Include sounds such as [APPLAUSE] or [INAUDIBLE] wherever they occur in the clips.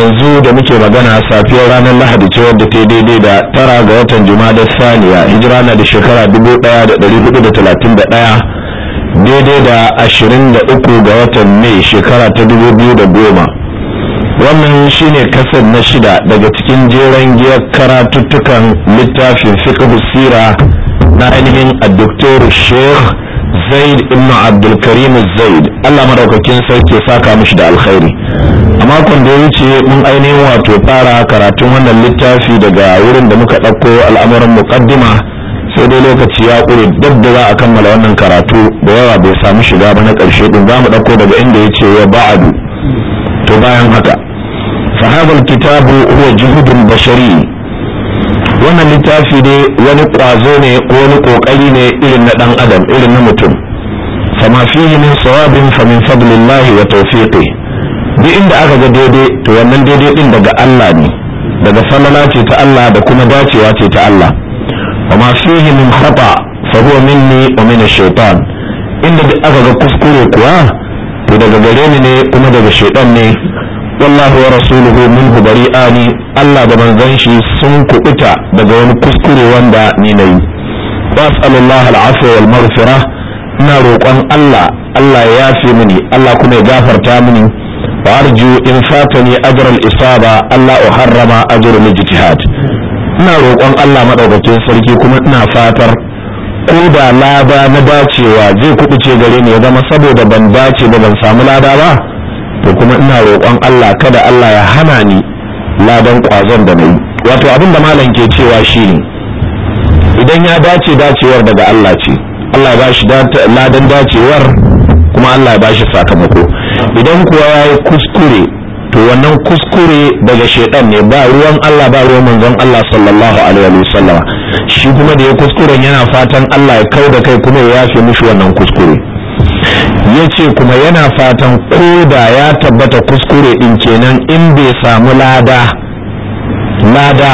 yanzu da muke magana safiyar ranar lahadi ce wadda ta daidai da tara ga watan da saniya hijira na da shekara 1431 daidai da 23 ga watan mai shekara ta 2010 wannan shi ne kasar na shida daga cikin jeren giyar karatuttukan littafin fiƙa sira na ainihin a doktor sheikh zaid ibn abdulkarim zaid allah madaukakin sarki ya saka mishi da alkhairi a makon da ya wuce mun ainihin wato fara karatun wannan littafi daga wurin da muka ɗauko al'amuran muqaddima sai dai lokaci ya ƙure duk da za a kammala wannan karatu da yawa bai samu shiga ba na ƙarshe ɗin za mu ɗauko daga inda ya ce ya ba'adu to bayan haka sahabar kitabu huwa juhudun bashari wannan littafi ne wani ƙwazo ne ko wani kokari ne irin na ɗan adam irin na mutum fama fihi min sawabin fa min fadlillah wa tawfiqi duk inda aka ga daidai to wannan daidai din daga Allah ne daga falala ce ta Allah da kuma dacewa ce ta Allah wa ma fihi min khata fa huwa minni wa min ash-shaytan inda aka ga kuskure kuwa to daga gare ni ne kuma daga shaytan ne والله ورسوله منه بريئان الله بمنزل shi sun kubuta daga wani kuskure wanda ni nayi wasal Allah al'afwa wal ina roƙon Allah Allah ya yafe mini Allah kuma ya gafarta mini wa arju in fatani ajr al isaba Allah uharrama ajr al ijtihad ina roƙon Allah madaukakin sarki kuma ina fatar ko da lada na dacewa zai kubuce gare ni ya zama saboda ban dace ba ban samu lada ba da kuma ina roƙon Allah kada Allah ya hana ni ladan ƙwazon da na yi wato abin malam ke cewa shine idan ya dace dacewar daga Allah ce Allah ba shi ladan dacewar kuma Allah ba shi sakamako idan kuwa ya yi kuskure to wannan kuskure daga shaidan ne ba ruwan Allah ba ruwan manzon Allah sallallahu alaihi wasallam shi kuma da ya kuskuren yana fatan Allah ya kau da kai kuma ya yafe mishi wannan kuskure ya ce kuma yana fatan ko da ya tabbata kuskure ɗin kenan in bai samu lada lada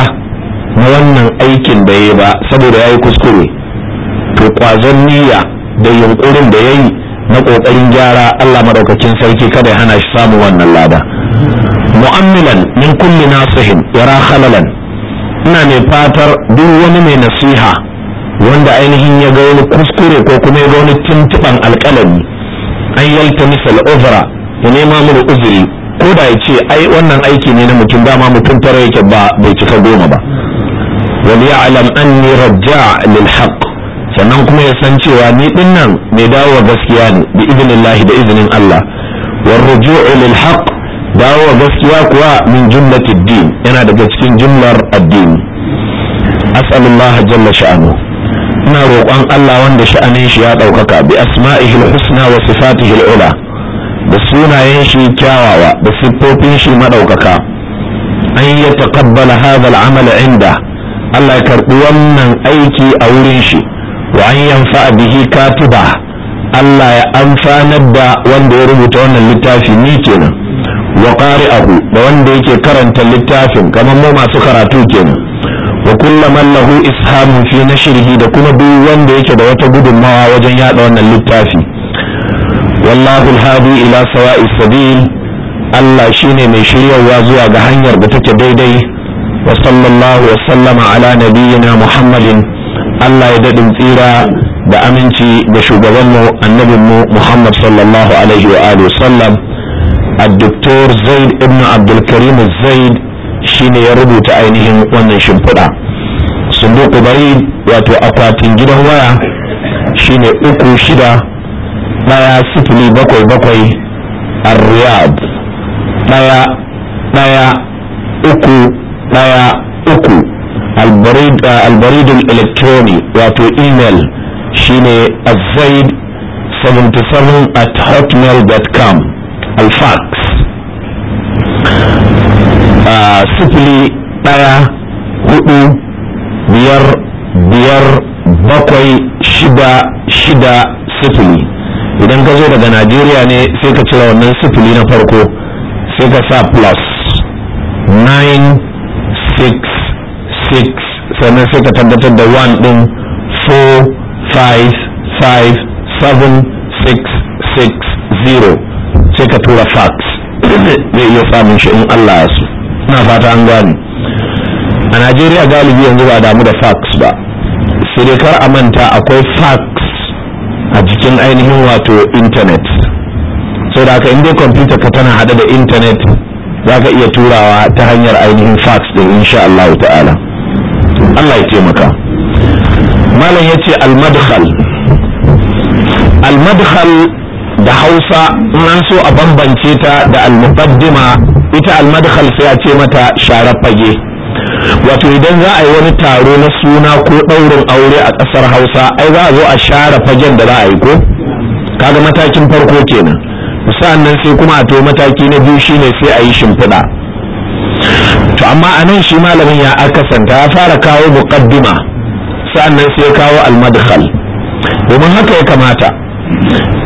na wannan aikin da ya ba saboda ya yi kuskure to kwazon niyya da yunkurin da ya yi na ƙoƙarin gyara allah maɗaukakin sarki kada ya hana shi samun wannan lada mu'ammilan min kulli nasihin yara halalan ina mai fatar duk wani mai nasiha wanda ainihin ya ga wani kuskure ko kuma ya ga wani tuntuɓan alkalami. an yalta misal uzra ya nema mini uzuri ko da ya ce ai wannan aiki ne na mutum dama mutum tara yake ba bai cika goma ba wal ya'lam anni raja lil haqq sannan kuma ya san cewa ni din nan mai dawowa gaskiya ne bi idnillahi da izinin Allah war ruju'u lil haqq dawowa gaskiya kuwa min jumlatid din yana daga cikin jumlar addini as'alullaha jalla sha'anu ina roƙon Allah wanda sha'anin shi ya ɗaukaka bi asma'ihil husna wa sifatihil ula da sunayen shi kyawawa da siffofin shi maɗaukaka an ya taqabbala hadha al'amal inda Allah ya karɓi wannan aiki a wurin shi wa an yanfa bihi katiba Allah ya amfanar da wanda ya rubuta wannan littafi ni kenan wa qari'ahu da wanda yake karanta littafin kamar mu masu karatu kenan wa kulla man lahu na fi da kuma biyu wanda yake da wata gudunmawa wajen yada wannan littafi wallahu alhadi ila sawa'is sabil Allah shine mai shiryarwa zuwa ga hanyar da take daidai wa sallallahu wa sallama ala nabiyyina Muhammadin Allah ya daɗin tsira da aminci da shugabanmu annabinmu Muhammad sallallahu alaihi wa alihi sallam الدكتور زيد ابن عبد الكريم الزيد shine ya rubuta ainihin wannan shimfiɗa sanduku bari wato akwatin gidan waya shine uku shida daya sifili bakwai bakwai a riyadh daya daya uku daya uku albaridin uh, elektroni wato email shine azaid 77 at hotmail.com alfax uh, sifili daya hudu biyar biyar bakwai shida shida sifili idan ka zo daga najeriya ne sai ka cire wannan sifili na farko sai ka sa plus 9 6 6 sannan sai ka tabbatar da 1 din 4 5 5 7 6 6 0 sai ka tura fax [COUGHS] zai iya samun shi in allah ya su na fata an gani a najeriya galibi yanzu ba damu da fax ba sai dai kar a manta akwai fax a jikin ainihin wato intanet sau da in inda kwamfuta ka tana hada da intanet za ka iya turawa ta hanyar ainihin fax din insha Allah ta'ala Allah ya taimaka malam ya ce almadkhal almadkhal da hausa nan so a bambance ta da almuqaddima ita almadkhal sai a ce mata sharar fage wato idan za a yi wani taro na suna ko ɗaurin aure a ƙasar hausa ai za a zo a share fagen da za a yi ko kaga matakin farko kenan sa'an nan sai kuma a to mataki na biyu shine sai a yi shimfiɗa to amma a nan shi malamin ya akasanta ya fara kawo muqaddima sa'an nan sai kawo almadkhal domin haka ya kamata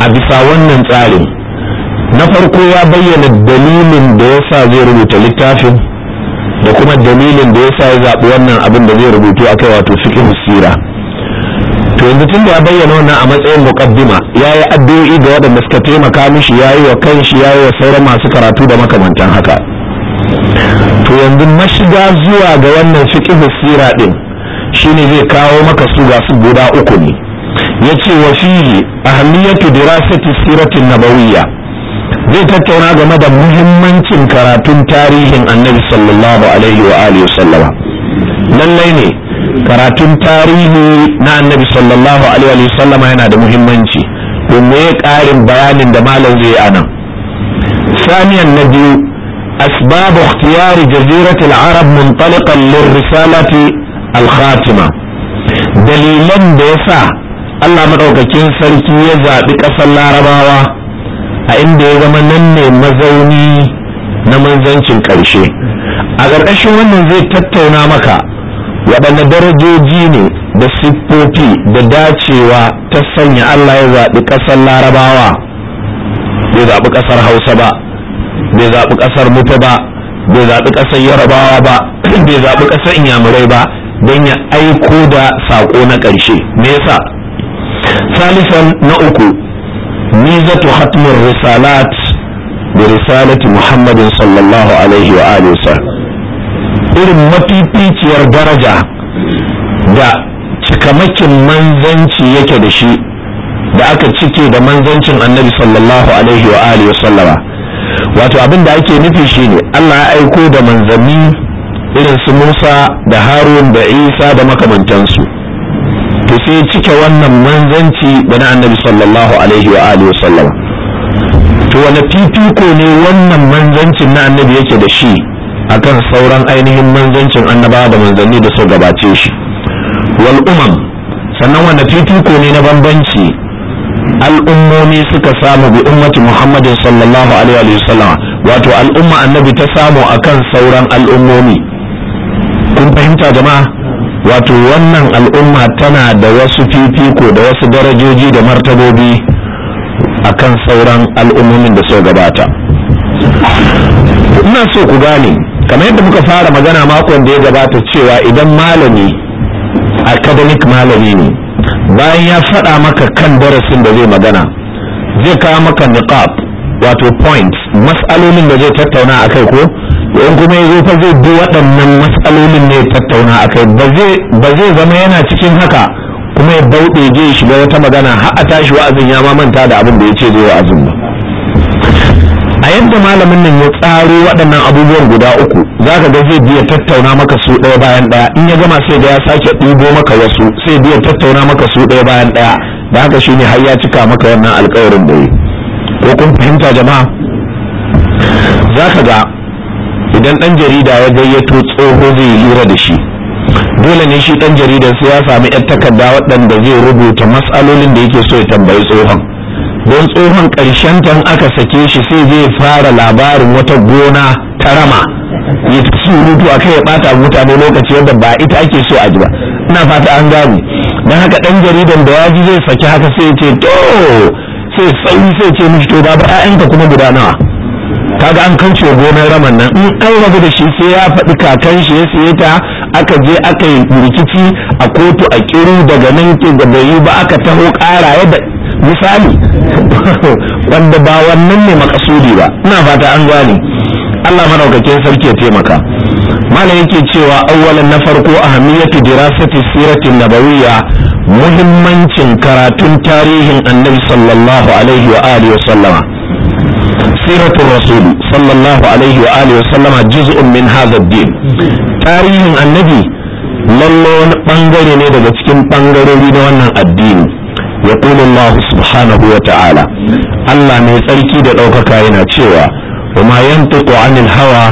a bisa wannan tsarin na farko ya bayyana dalilin da yasa zai rubuta littafin da kuma dalilin da ya sa ya zaɓi wannan abin da zai rubutu a kai wato fiqh sira to yanzu tun da ya bayyana wannan a matsayin muqaddima ya yi addu'o'i ga waɗanda suka taimaka mishi ya yi wa kanshi ya yi wa sauran masu karatu da makamantan haka to yanzu mashiga zuwa ga wannan fiqh sira din shine zai kawo maka su ga su guda uku ne yace wa fihi ahliyatu dirasati siratin nabawiyya zai tattauna game da muhimmancin karatun tarihin annabi sallallahu alaihi wa alihi sallama lallai ne karatun tarihi na annabi sallallahu alaihi wa sallama yana da muhimmanci domin ya ƙarin bayanin da malam zai yi anan, saniyan na biyu asbab ikhtiyar jazirat al-arab muntaliqan lirrisalati al-khatima dalilan da yasa Allah madaukakin sarki ya zaɓi ƙasar larabawa a inda ya zama nan ne mazauni na manzancin ƙarshe a ƙarƙashin wannan zai tattauna maka waɗanne darajoji ne da siffofi da dacewa ta sanya Allah ya zaɓi ƙasar larabawa bai zaɓi ƙasar hausa ba bai zaɓi ƙasar mutu ba bai zaɓi ƙasar yarabawa ba [CLEARS THROAT] bai zaɓi ƙasar inyamurai ba don ya aiko da saƙo na ƙarshe me yasa salisan na uku ميزة ختم الرسالات برسالة محمد صلى الله عليه وآله وسلم irin mafificiyar daraja da cikamakin manzanci yake da shi da aka cike da manzancin annabi sallallahu alaihi wa alihi sallama wato abin da ake nufi shine Allah ya aiko da manzanni irin su Musa da Harun da Isa da makamantansu to sai cike wannan manzanci da na annabi sallallahu alaihi wa alihi wasallam to wani fifiko ne wannan manzancin na annabi yake da shi akan sauran ainihin manzancin annabawa da manzanni da su gabace shi wal umam sannan wani fifiko ne na bambanci al'ummomi suka samu bi ummati muhammadin sallallahu alaihi wa sallam wato al'umma annabi ta samu akan sauran al'ummomi kun fahimta jama'a wato wannan al'umma tana da wasu fifiko da wasu darajoji da martabobi a kan sauran al'ummomin da suka gabata ina so ku gane kamar yadda muka fara magana makon da ya gabata cewa idan malami academic malami ne bayan ya faɗa maka kan darasin da zai magana zai kawo maka niqab wato points matsalolin da zai tattauna a kai ko in kuma zo fa zai bi waɗannan matsalolin ne tattauna a kai. ba zai zama yana cikin haka kuma ya bauɗe je shi shiga wata magana har a tashi wa'azin ya ma manta da abin da ya ce zai wa'azin ba a yadda malamin nan ya tsaro waɗannan abubuwan guda uku za ka ga zai biya tattauna maka su ɗaya bayan ɗaya in ya gama sai da ya sake ɗibo maka wasu sai biya tattauna maka su ɗaya bayan ɗaya da haka shi ne har ya cika maka wannan alkawarin da yi ko kun fahimta jama'a za ka ga idan dan jarida ya gayyato tsoho zai lura da shi dole ne shi dan jaridan sai ya sami ɗan takarda waɗanda zai rubuta matsalolin da yake so ya tambayi tsohon don tsohon ƙarshen tan aka sake shi sai zai fara labarin wata gona ta rama ya surutu a kai ya bata mutane lokaci yadda ba ita ake so a ji ba ina fata an gane don haka dan jaridan da waji zai saki haka sai ya ce to sai sauri sai ce mishi to ba ba 'ya'yanka kuma guda nawa kaga an kance gonar raman nan in an rabu da shi sai ya faɗi kakan shi ya siye ta aka je aka yi rikici a kotu a kiru daga nan ke da bai ba aka taho ƙara yadda misali [LAUGHS] wanda ba wannan ne makasudi ba ina fata an gane Allah madaukakin sarki ya taimaka malam yake cewa awwalan na farko ahamiyatu dirasati siratin nabawiyya muhimmancin karatun tarihin annabi sallallahu alaihi wa alihi wa sallama siratul rasul sallallahu alaihi wa alihi wa sallama juz'un min hadha din tarihin annabi lalle wani bangare ne daga cikin bangarori na wannan addini ya kuma Allah subhanahu wa ta'ala Allah mai tsarki da ɗaukaka yana cewa wa ma yantiqu anil hawa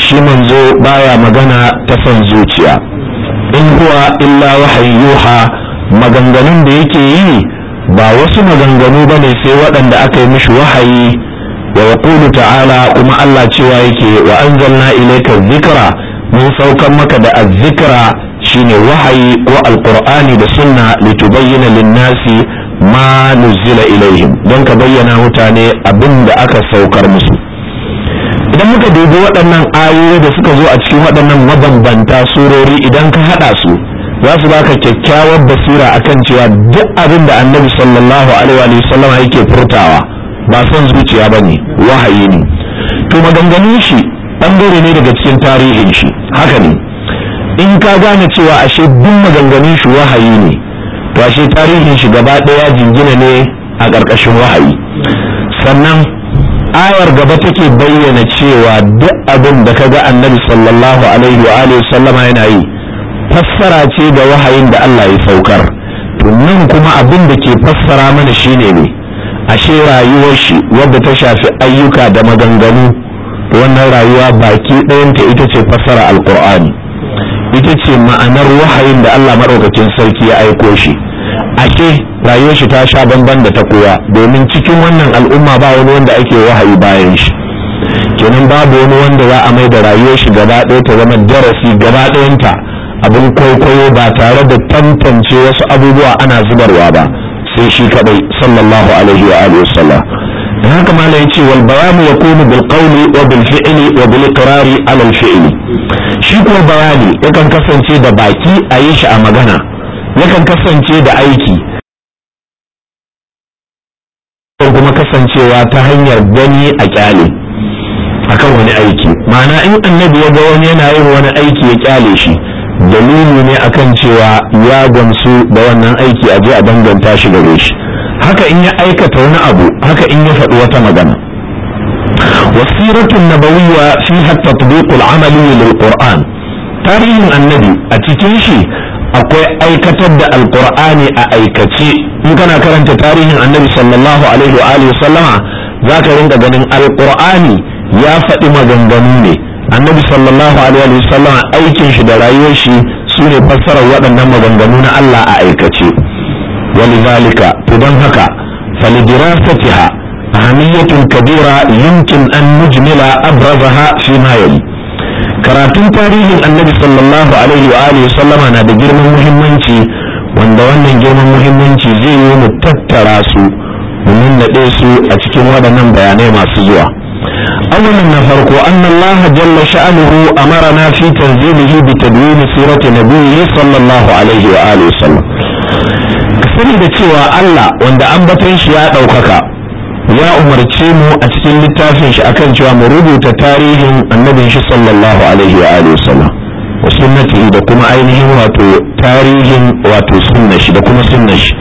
shi manzo baya magana ta son zuciya in huwa illa wahayi yuha maganganun da yake yi ba wasu maganganu ba ne sai waɗanda aka yi mishi wahayi wa yaqulu ta'ala kuma Allah cewa yake wa anzalna ilayka dhikra mun saukan maka da azzikra shine wahayi ko alqur'ani da sunna litubayyana linnasi nasi ma nuzila ilaihim don ka bayyana mutane abin da aka saukar musu idan muka dubi waɗannan ayoyi da suka zo a cikin waɗannan mabambanta surori idan ka haɗa su za su baka kyakkyawar basira akan cewa duk abin da annabi sallallahu alaihi wa sallama yake furtawa ba son zuciya ba ne wahayi ne to maganganun shi ɓangare ne daga cikin tarihin shi haka ne in ka gane cewa ashe duk maganganun shi wahayi ne to ashe tarihin shi gaba ɗaya jingina ne a ƙarƙashin wahayi sannan ayar gaba take bayyana cewa duk abin da ka ga annabi sallallahu alaihi wa alihi sallama yana yi fassara ce da wahayin da Allah ya saukar to nan kuma abin da ke fassara mana shine ne ashe rayuwar shi wadda ta shafi ayyuka da maganganu wannan rayuwa baki ɗayanta ita ce fassara alkur'ani ita ce ma'anar wahayin da allah maɗaukakin sarki ya aiko shi ashe rayuwar shi ta sha bamban da ta kowa domin cikin wannan al'umma ba wani wanda ake wahayi bayan shi kenan babu wani wanda za a mai da rayuwar shi gaba ɗaya ta zama darasi gaba ɗayanta abin kwaikwayo ba tare da tantance wasu abubuwa ana zubarwa ba sai shi kadai sallallahu alaihi wa alihi wasallam dan haka mala yace wal bayan yakunu bil qawli wa bil fi'li wa bil iqrari ala al fi'li shi kuma bayani yakan kasance da baki a yi shi a magana yakan kasance da aiki kuma kasancewa ta hanyar gani a kyale akan wani aiki ma'ana in annabi ya ga wani yana yin wani aiki ya kyale shi dalili ne akan cewa ya gamsu da wannan aiki a je a danganta shi gare shi haka in ya aikata wani abu haka in ya faɗi wata magana wasiratun nabawiyya fiha tatbiqul amali lil qur'an tarihin annabi a cikin shi akwai aikatar da alqur'ani a aikace in kana karanta tarihin annabi sallallahu alaihi wa alihi sallama zaka rinka ganin alqur'ani ya faɗi maganganu ne annabi sallallahu alaihi wa sallam aikin shi da rayuwar shi su ne fassarar waɗannan maganganu na Allah a aikace walidhalika to don haka satiha ahamiyyatun kabira yumkin an mujmila abrazaha fi ma yali karatun tarihin annabi sallallahu alaihi wa alihi sallama na da girman muhimmanci wanda wannan girman muhimmanci zai yi mu tattara su mu nunnaɗe su a cikin waɗannan bayanai masu zuwa أولا نفرق أن الله جل شأنه أمرنا في تنزيله بتدوين سيرة نبيه صلى الله عليه وآله وسلم sani da cewa Allah wanda ambaton shi ya ɗaukaka ya umarce mu a cikin littafin shi akan cewa mu rubuta tarihin annabin shi sallallahu alaihi wa alihi wasallam sunnati da kuma ainihin wato tarihin wato sunna shi da kuma sunna shi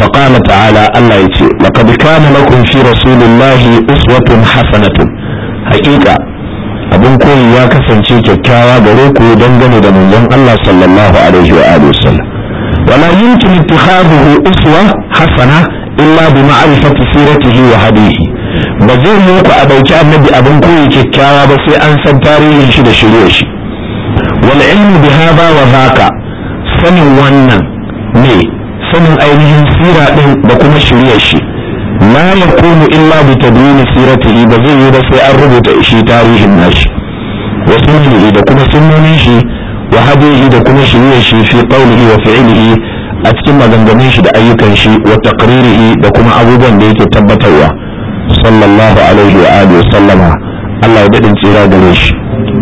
فقال تعالى الله يتي لقد كان لكم في رسول الله أسوة حسنة حقيقة abin koyi ya kasance kyakkyawa gare ku dangane da manzon Allah sallallahu alaihi wa alihi wasallam wala yumkin ittikhadhuhu uswa hasana illa bi ma'rifati siratihi wa hadihi ba zai yi ku a dauki annabi abin koyi kyakkyawa ba sai an san tarihin shi da shirye shi wal ilmu bi hadha wa dhaka sanin wannan ne sanin ainihin sira ɗin da kuma shirya shi la yakunu illa bi tadwini siratihi ba zai yi ba sai an rubuta shi tarihin nashi wa sunnihi da kuma sunnonin shi wa hadihi da kuma shirya shi fi qawlihi wa fi'lihi a cikin maganganun shi da ayyukan shi wa taqririhi da kuma abubuwan da yake tabbatarwa sallallahu alaihi wa alihi wa sallama Allah ya dadin tsira gare shi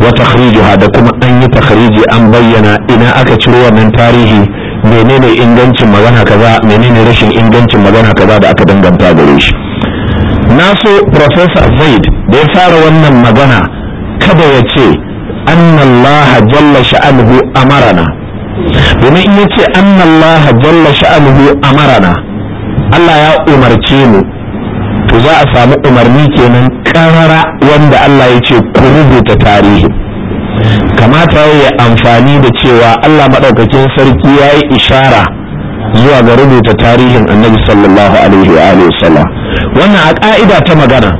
wa takhrijuha da kuma an yi takhriji an bayyana ina aka ciro wannan tarihi menene ingancin magana kaza menene rashin ingancin magana kaza da aka danganta gare shi na so professor zaid da ya fara wannan magana kada ya ce annallaha jalla sha'anuhu amarana domin in yace annallaha jalla sha'anuhu amarana Allah ya umarce mu to za a samu umarni kenan karara wanda Allah ya ce ku rubuta tarihi kamata ya yi amfani da cewa Allah maɗaukakin sarki ya yi ishara zuwa ga rubuta tarihin annabi sallallahu alaihi wa wannan a ka'ida ta magana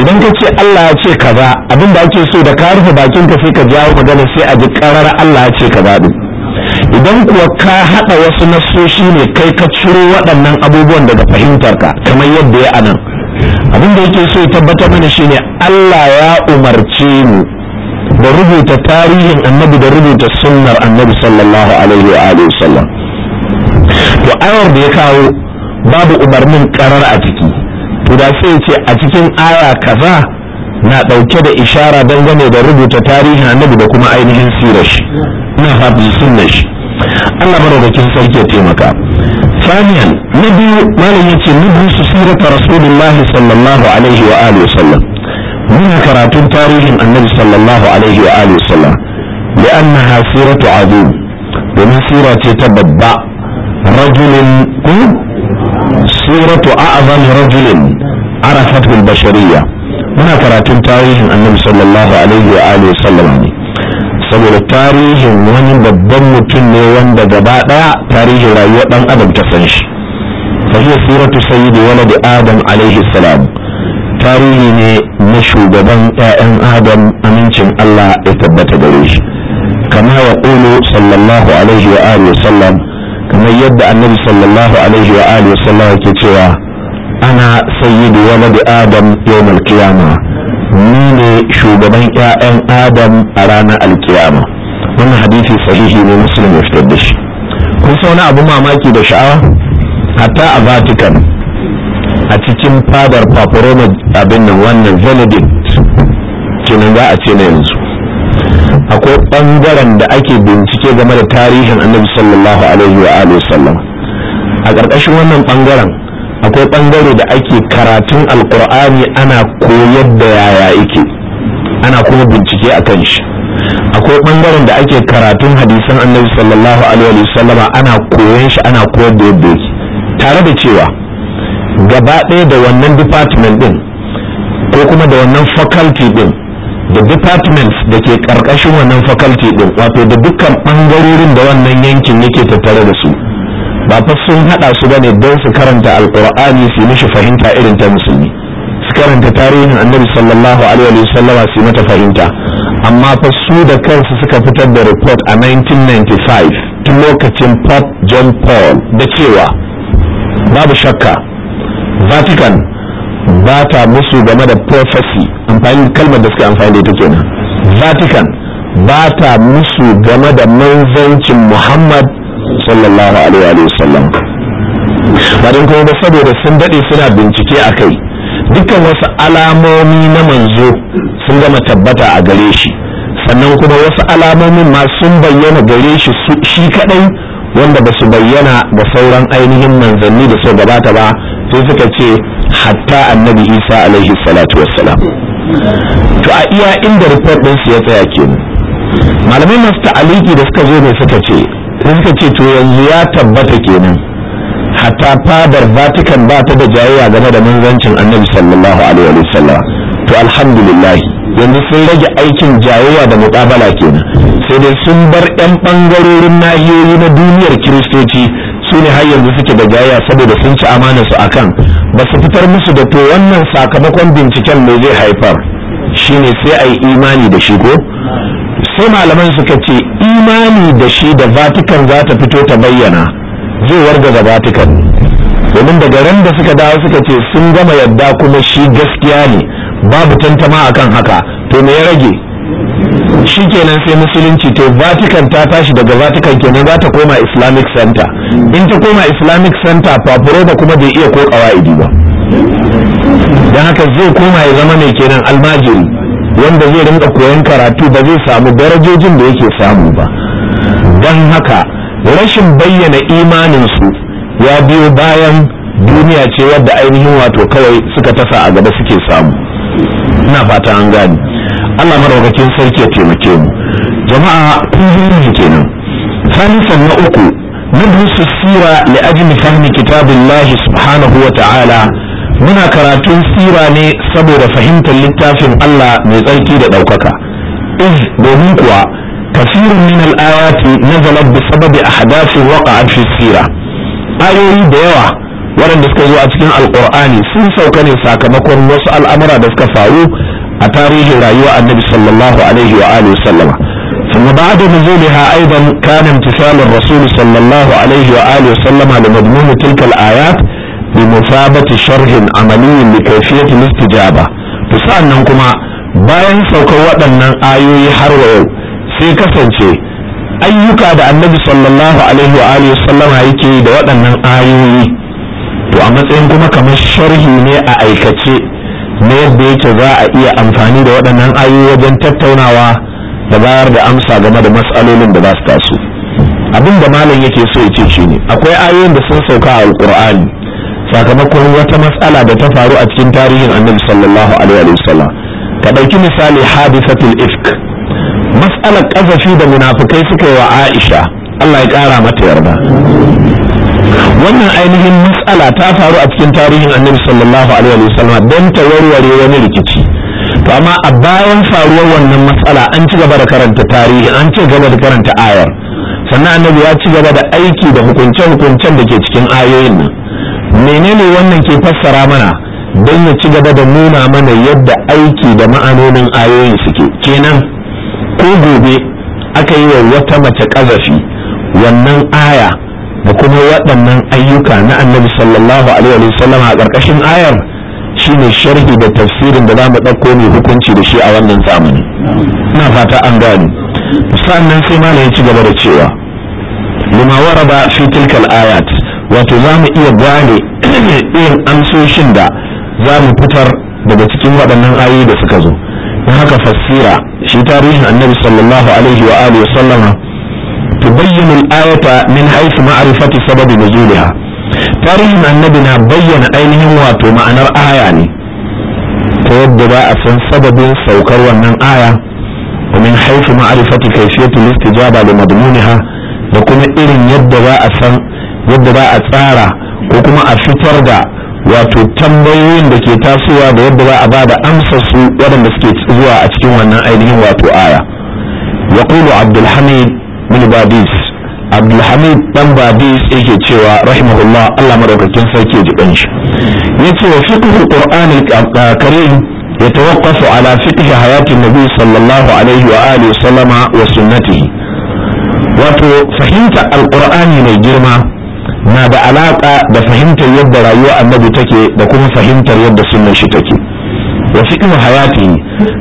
idan ka ce Allah ya ce kaza abin da ake so da ka rufe bakin ka sai ka jawo magana sai a ji karar Allah ya ce kaza din idan kuwa ka haɗa wasu nasoshi ne kai ka ciro waɗannan abubuwan daga fahimtarka kamar yadda ya anan abin da yake so ya tabbatar mana shine Allah ya umarce mu da rubuta tarihin annabi da rubuta sunnar annabi sallallahu alaihi wa alihi sallam to ayar da ya kawo babu umarnin karar a ciki to da sai ce a cikin aya kaza na dauke da ishara dangane da rubuta tarihin annabi da kuma ainihin sirar shi na hafi sunnar shi Allah madaukakin sarki ya taimaka na nabi malam yace يتي su سيرة rasulullahi sallallahu alaihi wa alihi wa من كرات تاريخ النبي صلى الله عليه وآله وسلم لأنها سيرة عدو سيرة تبدع رجل سيرة أعظم رجل عرفته البشرية من كرات تاريخ النبي صلى الله عليه وآله وسلم saboda tarihin wani babban mutum ne wanda gaba daya tarihin rayuwar dan adam ta san shi fa hiya siratu sayyidi walad adam alaihi salam tarihi ne na shugaban 'ya'yan adam amincin Allah ya tabbata gare shi kama wa ƙulu sallallahu alaihi wa alihi sallam, kamar yadda annabi sallallahu alaihi wa alihi wasallam yake cewa ana sayyidu waladi adam yawmal qiyama ni ne shugaban 'ya'yan adam a ranar alkiyama wannan hadisi sahihi ne muslim ya fitar da shi kun wani abu mamaki da sha'awa hatta a vatican a cikin fadar paparoma abin nan wannan benedict kenan za a ce na yanzu akwai ɓangaren da ake bincike game da tarihin annabi sallallahu alaihi wa alihi sallam a ƙarƙashin wannan ɓangaren akwai ɓangare da ake karatun alƙur'ani ana koyar da yaya yake ana kuma bincike a kan shi akwai ɓangaren da ake karatun hadisan annabi sallallahu alaihi wa sallama ana koyan shi ana koyar da yadda yake tare da cewa gaba ɗaya da wannan department ɗin ko kuma da wannan faculty ɗin da departments da ke ƙarƙashin wannan faculty ɗin wato da dukkan ɓangarorin da wannan yankin yake tattare da su ba fa sun haɗa su ba bane don su karanta alƙur'ani su mishi fahimta irin ta musulmi su karanta tarihin annabi sallallahu alaihi wa sallama su mata fahimta amma fa su da kansu suka fitar da report a 1995 tun lokacin pop john paul da cewa babu shakka vatican ba ta musu game da prophecy amfani kalmar da suke amfani da ita kenan vatican ba ta musu game da manzancin muhammad sallallahu alaihi wasallam ba don kuma saboda sun daɗe suna bincike a kai dukkan wasu alamomi na manzo sun gama tabbata a gare shi sannan kuma wasu alamomin ma sun bayyana gare shi shi kaɗai wanda ba su bayyana ga sauran ainihin manzanni da su gabata ba sai suka ce hatta annabi isa alaihi salatu wassalam to a iya inda report din su ya tsaya kenan malamai masu ta'aliki da suka zo ne suka ce sai suka ce to yanzu ya tabbata kenan hatta fadar vatican ba ta da jayayya game da manzancin annabi sallallahu alaihi wa to alhamdulillah yanzu sun rage aikin jayayya da muƙabala kenan sai dai sun bar 'yan ɓangarorin nahiyoyi na duniyar kiristoci su ne har yanzu suke da jayya saboda sun ci amanar su akan ba su fitar musu da to wannan sakamakon binciken ne zai haifar shi ne sai a yi imani da shi ko sai malaman suka ce imani da shi da vatican za ta fito ta bayyana zai wargaza vatican domin daga ran da suka dawo suka ce sun gama yadda kuma shi gaskiya ne babu tantama akan haka to me ya rage shikenan sai musulunci to vatican ta tashi daga vatican kenan za ta koma islamic center in ta koma islamic center da kuma bai iya ko kawaidi ba don haka zai koma ya zama mai kenan almajiri wanda zai rinka koyon karatu ba zai samu darajojin da yake samu ba don haka rashin bayyana imaninsu ya biyo bayan duniya ce wadda ainihin wato kawai suka tasa a gaba suke samu ina fata an gani Allah madaukakin sarki ya taimake mu jama'a kullum kenan salisan na uku ندرس السيرة لأجل fahmi كتاب subhanahu سبحانه muna karatun sira ne saboda fahimtar littafin Allah mai tsarki da ɗaukaka iz domin kuwa kasirin min al'ayati nazalat bi sababi ahdathin waqa'at ayoyi da yawa waɗanda suka zo a cikin alqur'ani sun sauka ne sakamakon wasu al'amura da suka faru a tarihin rayuwa annabi sallallahu alaihi wa alihi sallama ثم بعد نزولها أيضا كان امتثال الرسول صلى الله عليه وآله وسلم لمضمون تلك الآيات بمثابة شرح عملي لكيفية الاستجابة فسألنا كما bayan saukar waɗannan ayoyi har wa yau sai kasance ayyuka da annabi sallallahu alaihi wa alihi sallama yake da waɗannan ayoyi to a matsayin kuma kamar sharhi ne a aikace na yadda yake za a iya amfani da waɗannan ayoyi wajen tattaunawa da bayar da amsa game da matsalolin da za su taso abin da malam yake so ya ce shine akwai ayoyin da sun sauka a alkur'ani sakamakon wata matsala da ta faru a cikin tarihin annabi sallallahu alaihi sallam ka ɗauki misali hadisatul ifk matsalar ƙazafi da munafukai suka yi wa aisha allah ya ƙara mata yarda wannan ainihin matsala ta faru a cikin tarihin annabi sallallahu alaihi sallam don ta warware wani rikici to amma a bayan faruwar wannan matsala an ci gaba da karanta tarihi an ci gaba da karanta ayar sannan annabi ya ci gaba da aiki da hukunce-hukuncen da ke cikin ayoyin nan menene wannan ke fassara mana don ya ci gaba da nuna mana yadda aiki da ma'anonin ayoyin suke kenan ko gobe aka yi wa wata mace ƙazafi wannan aya da kuma waɗannan ayyuka na annabi sallallahu alaihi sallam a ƙarƙashin ayar shine sharhi da tafsirin da za mu ɗauko mai hukunci da shi a wannan zamani ina fata an gane sannan sai ma ya ci gaba da cewa lima waraba fi ayat wato za mu iya gane [CLEARS THROAT] irin amsoshin da za mu fitar daga cikin waɗannan ayoyi da suka zo don haka fassira shi tarihin annabi sallallahu alaihi wa alihi wa sallama tubayyinu al-ayata min haythu ma'rifatu sababi nuzuliha tarihin annabi na bayyana ainihin wato ma'anar aya ne ta yadda za a san sababin saukar wannan aya wa min haythu ma'rifati kayfiyatul istijaba li madmuniha da kuma irin yadda za a san yadda za a tsara ko kuma a fitar da wato tambayoyin da ke tasowa da yadda za a ba da amsa su waɗanda suke zuwa a cikin wannan ainihin wato aya yaqulu abdulhamid bin badis abdulhamid dan badis yake cewa rahimahullah allah madaukakin sarki ji ban shi yace wa fiqh alquran alkarim يتوقف على فقه حياة النبي صلى الله عليه وآله وسلم وسنته wato fahimta alkur'ani mai girma na da alaka da fahimtar yadda rayuwa annabi take da kuma fahimtar yadda sunnar shi take wa fiqhu hayati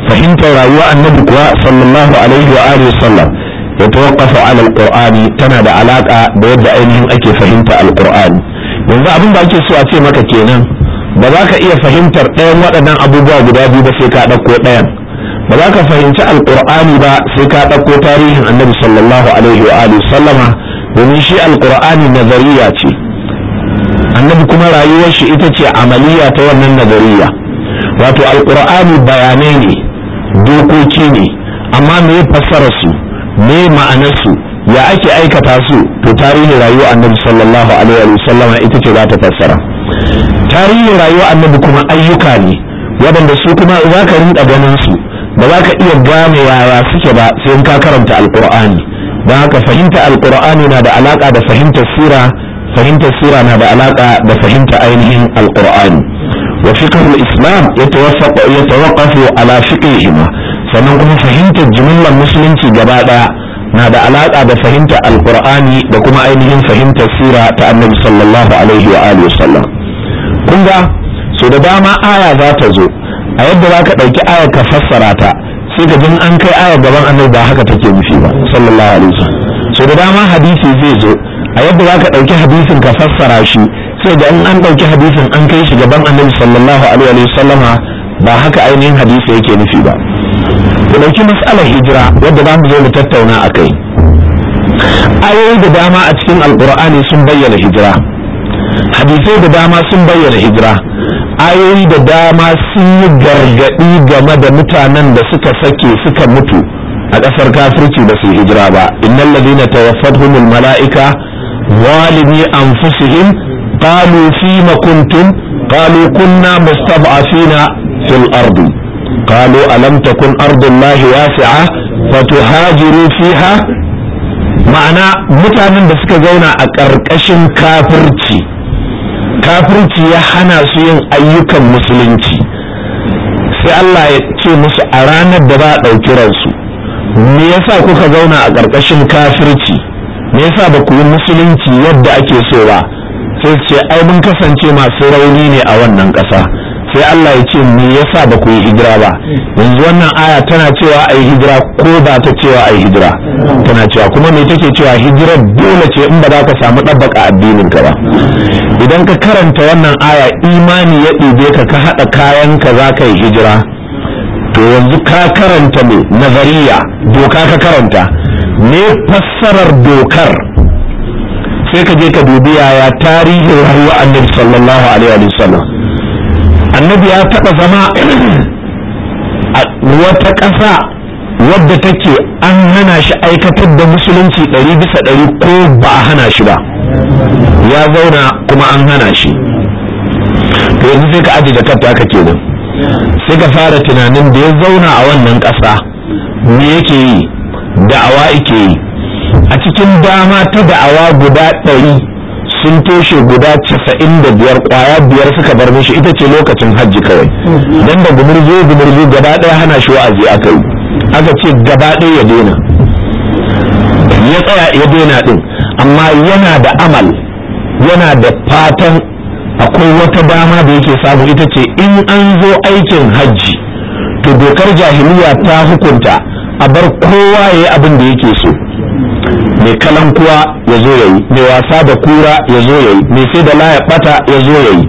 fahimtar rayuwa annabi kuwa sallallahu alaihi wa alihi sallam ya tawakkafu alal qur'ani tana da alaƙa da yadda ainihin ake fahimta alqur'ani yanzu abin da ake so a ce maka kenan ba za ka iya fahimtar ɗayan waɗannan abubuwa guda biyu ba sai ka ɗauko ɗayan ba za ka fahimci alqur'ani ba sai ka ɗauko tarihin annabi sallallahu alaihi wa sallama domin shi alqur'ani nazariya ce annabi kuma rayuwar shi ita ce amaliya ta wannan nazariya wato alqur'ani bayanai ne dokoki ne amma me fassara su me ma'anarsu ya ake aikata su to tarihin rayuwa annabi sallallahu alaihi wa sallam ita ce za ta fassara tarihin rayuwa annabi kuma ayyuka ne waɗanda su kuma za ka rinda ganin su ba za ka iya gane yaya suke ba sai in ka karanta alqur'ani don haka fahimta alqur'ani na da alaka da fahimtar sira fahimtar sira na da alaka da fahimta ainihin alqur'ani wa fiqh al-islam yatawaqqafu ala fiqhihima sannan kuma fahimtar jimillar musulunci gaba ɗaya na da alaƙa da fahimtar alƙur'ani da kuma ainihin fahimtar sura ta annabi sallallahu alaihi wa alihi wasallam kun ga so da dama aya za ta zo a yadda za ka ɗauki aya ka fassara ta sai ka jin an kai aya gaban annabi ba haka take nufi ba sallallahu alaihi wasallam so da dama hadisi zai zo a yadda za ka ɗauki hadisin ka fassara shi sai da in an ɗauki hadisin an kai shi gaban annabi sallallahu alaihi wasallama ba haka ainihin hadisi yake nufi ba ku ɗauki matsalar hijira wadda za mu zo mu tattauna a kai ayoyi da dama a cikin alkur'ani sun bayyana hijira hadisai da dama sun bayyana hijira ayoyi da dama sun yi gargaɗi game da mutanen da suka sake suka mutu a ƙasar kafirci ba su hijira ba innal ladina tawaffatuhumul mala'ika zalimi anfusihim qalu fima kuntum qalu kunna mustad'afina fil ardi qalu alamtakun Abdullahi ardullahi wasi'a fatuhajiru fiha ma'ana mutanen da suka zauna a ƙarƙashin kafirci kafirci ya hana su yin ayyukan musulunci sai Allah ya ce musu a ranar da ba a ɗauki ransu me yasa kuka zauna a ƙarƙashin kafirci me yasa ba ku yi musulunci yadda ake so ba sai ce ai mun kasance masu rauni ne a wannan ƙasa sai Allah ya ce me yasa ba ku yi hijira ba yanzu wannan aya tana cewa a yi hijira ko ba ta cewa a yi hijira tana cewa kuma me take cewa hijira dole ce in ba za ka samu ɗabbaka addinin ka ba idan ka karanta wannan aya imani ya ɗube ka ka haɗa kayan ka za ka yi hijira to yanzu ka karanta ne nazariya doka ka karanta ne fassarar dokar sai ka je ka dubi yaya tarihin rayuwar annabi sallallahu alaihi wa sallam annabi ya taɓa zama a wata ƙasa wadda take an hana shi aikatar da musulunci ɗari bisa ɗari ko ba a hana shi ba ya zauna kuma an hana shi to yanzu sai ka aji da kanta ka kenan sai ka fara tunanin da ya zauna a wannan ƙasa me yake yi da'awa yake yi a cikin dama ta da'awa guda ɗari sun toshe guda casa'in da biyar kwaya biyar suka bar mishi ita ce lokacin hajji kawai don da gumurzu gumurzu gaba ɗaya hana shi wa'azi aka yi aka ce gaba ɗaya ya daina ya tsaya ya daina ɗin amma yana da amal yana da fatan akwai wata dama da yake samu ita ce in an zo aikin hajji to dokar jahiliya ta hukunta a bar kowa ya yi abin da yake so mai kalan kuwa ya zo ya yi mai wasa da kura ya zo ya yi mai sai da laya bata ya zo ya yi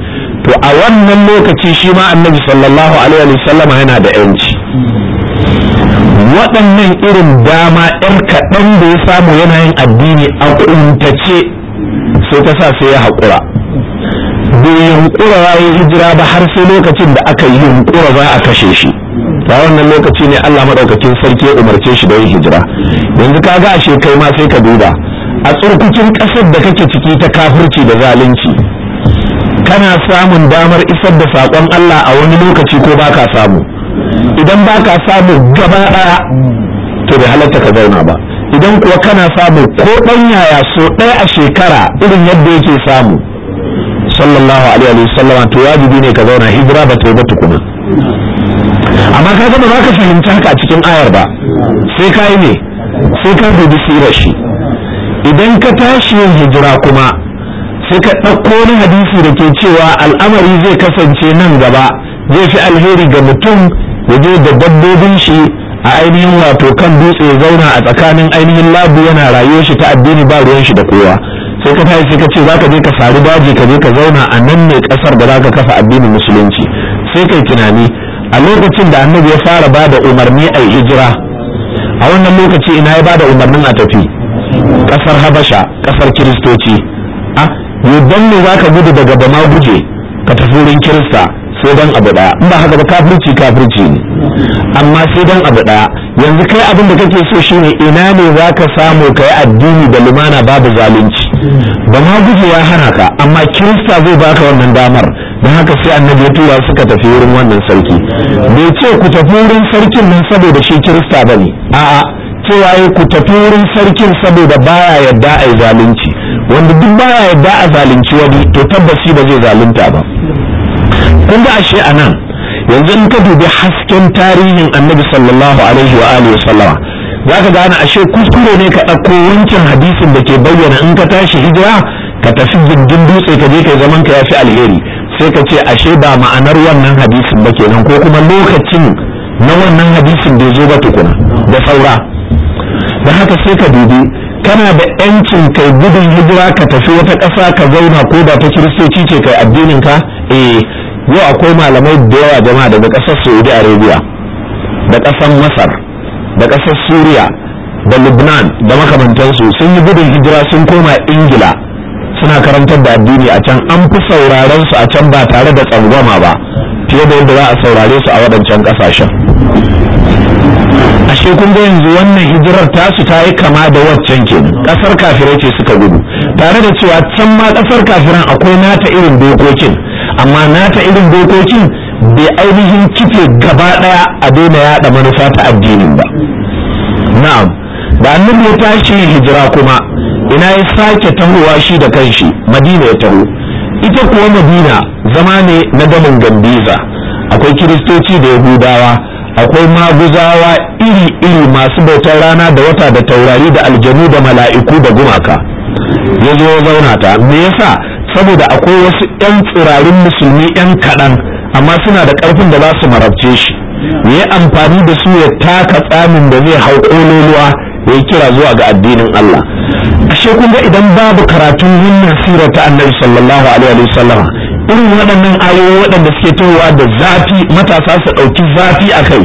to a wannan lokaci shi ma annabi sallallahu alaihi wa sallam yana da yanci waɗannan irin dama ɗan kaɗan da ya samu yana yin addini a kuntace sai ta sa sai ya haƙura bai yankura ya hijira ba har sai lokacin da aka yi yunƙura za a kashe shi ta wannan lokaci ne Allah madaukakin sarki ya umarce shi da yin hijira yanzu ka ga ashe kai ma sai ka duba a tsurkukin kasar da kake ciki ta kafirci da zalunci kana samun damar isar da saƙon Allah a wani lokaci ko baka samu idan baka samu gaba ɗaya to bai halatta ka zauna ba idan kuwa kana samu ko ɗan yaya so ɗaya a shekara irin yadda yake samu sallallahu alaihi wasallam to wajibi ne ka zauna hijira ba ta yi ba tukuna amma ka ga ba ka fahimci haka a cikin ayar ba sai ka yi ne sai ka dubi sirar shi idan ka tashi yin hijira kuma sai ka ɗauko wani hadisi da ke cewa al'amari zai kasance nan gaba zai fi alheri ga mutum ya je da dabbobin shi a ainihin wato kan dutse ya zauna a tsakanin ainihin labu yana rayuwar shi ta addini ba ruwan shi da kowa sai ka tashi sai ka ce zaka je ka sari daji ka je ka zauna a nan ne kasar da zaka kafa addinin musulunci sai kai tunani a lokacin da annabi ya fara ba da umarni a hijira a wannan lokaci ina ya ba da umarnin a tafi kasar habasha kasar kiristoci a yadda ne za ka gudu daga bama guje ka tafi wurin kirista sai don abu daya in ba haka ba kafirci kafirci ne amma sai don abu daya yanzu kai abin da kake so shine ina ne za ka samu kai addini da lumana babu zalunci ba ma guje ya hana ka amma kirista zai baka wannan damar da haka sai annabi ya tura suka tafi wurin wannan sarki bai ce ku tafi wurin sarkin nan saboda shi kirista ba ne a'a cewa ya ku tafi wurin sarkin saboda baya yadda a yi zalunci wanda duk baya yadda a zalunci wani to tabbasi ba zai zalunta ba kun ga ashe a nan yanzu in ka dubi hasken tarihin annabi sallallahu alaihi wa alihi wasallam za ka gane ashe kuskure ne ka ɗauko wancan hadisin da ke bayyana in ka tashi hijira ka tafi gindin dutse ka je kai zaman ka ya fi alheri sai ka ce ashe ba ma'anar wannan hadisin ba kenan ko kuma lokacin na wannan hadisin bai zo ba tukuna da saura da haka sai ka dubi kana da yancin kai gudun hijira ka tafi wata ƙasa ka zauna ko da ta kiristoci ce kai addinin ka eh yau akwai malamai da yawa jama'a daga ƙasar saudi arabia da ƙasar masar da ƙasar suriya da Lebanon da makamantansu sun yi gudun hijira sun koma Ingila suna karantar da addini a can an fi sauraron su a can ba tare da tsangwama ba fiye da yadda za a saurare su a waɗancan ƙasashen ashe kun ga yanzu wannan hijirar tasu ta yi kama da waccan ke ƙasar kafirai ce suka gudu tare da cewa can ma ƙasar kafiran akwai nata irin dokokin amma nata irin dokokin bai ainihin kife gaba ɗaya a daina yaɗa manufa ta addinin ba na'am da annabi ya tashi hijira kuma ina ya sake tahowa shi da kanshi madina ya taho ita kuwa madina zama ne na gamin gambiza akwai kiristoci da yahudawa akwai maguzawa iri-iri masu bautar rana da wata da taurari da aljanu da mala'iku da gumaka ya zo zauna ta me yasa saboda akwai wasu 'yan tsirarin musulmi 'yan kaɗan amma suna da ƙarfin da za su marabce shi ya amfani da su ya taka tsamin da zai hau kololuwa. ya kira zuwa ga addinin Allah ashe kun ga idan babu karatun wannan sirar ta annabi sallallahu alaihi wa sallam irin waɗannan ayoyi waɗanda suke towa da zafi matasa su ɗauki zafi a kai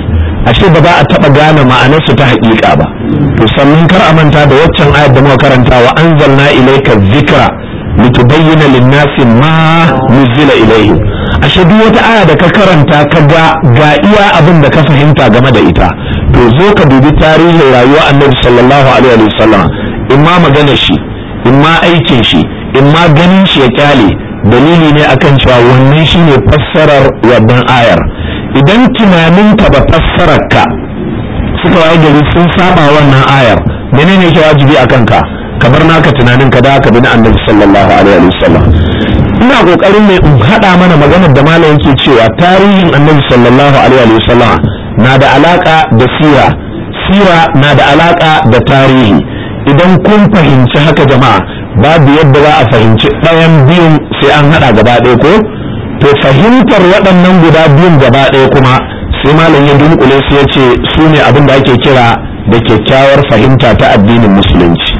ashe ba za a taɓa gane su ta haƙiƙa ba to sannan kar a manta da waccan ayar da muka karanta wa anzalna ilayka dhikra litubayyana linnasi ma nuzila ilayhi ashe duk wata aya da ka karanta ka ga ga iya abin da ka fahimta game da ita to zo ka dubi tarihin rayuwar annabi sallallahu alaihi wa sallam in ma magana shi in ma aikin shi in ma ganin shi ya kyale dalili ne akan cewa wannan ne fassarar wannan ayar idan tunaninka ba fassarar ka suka waye gari sun saba wannan ayar menene ke wajibi akan ka kamar naka tunanin ka da ka bi na annabi sallallahu alaihi wa sallam ina kokarin ne in hada mana maganar da malam yake cewa tarihin annabi sallallahu alaihi wa sallam na da alaka da sira sira na da alaka da tarihi idan kun fahimci haka jama'a babu yadda za a fahimci ɗayan biyun sai an haɗa gaba ɗaya ko to fahimtar waɗannan guda biyun gaba ɗaya kuma sai malam ya dunkule su ya ce su ne abin da ake kira da kyakkyawar fahimta ta addinin musulunci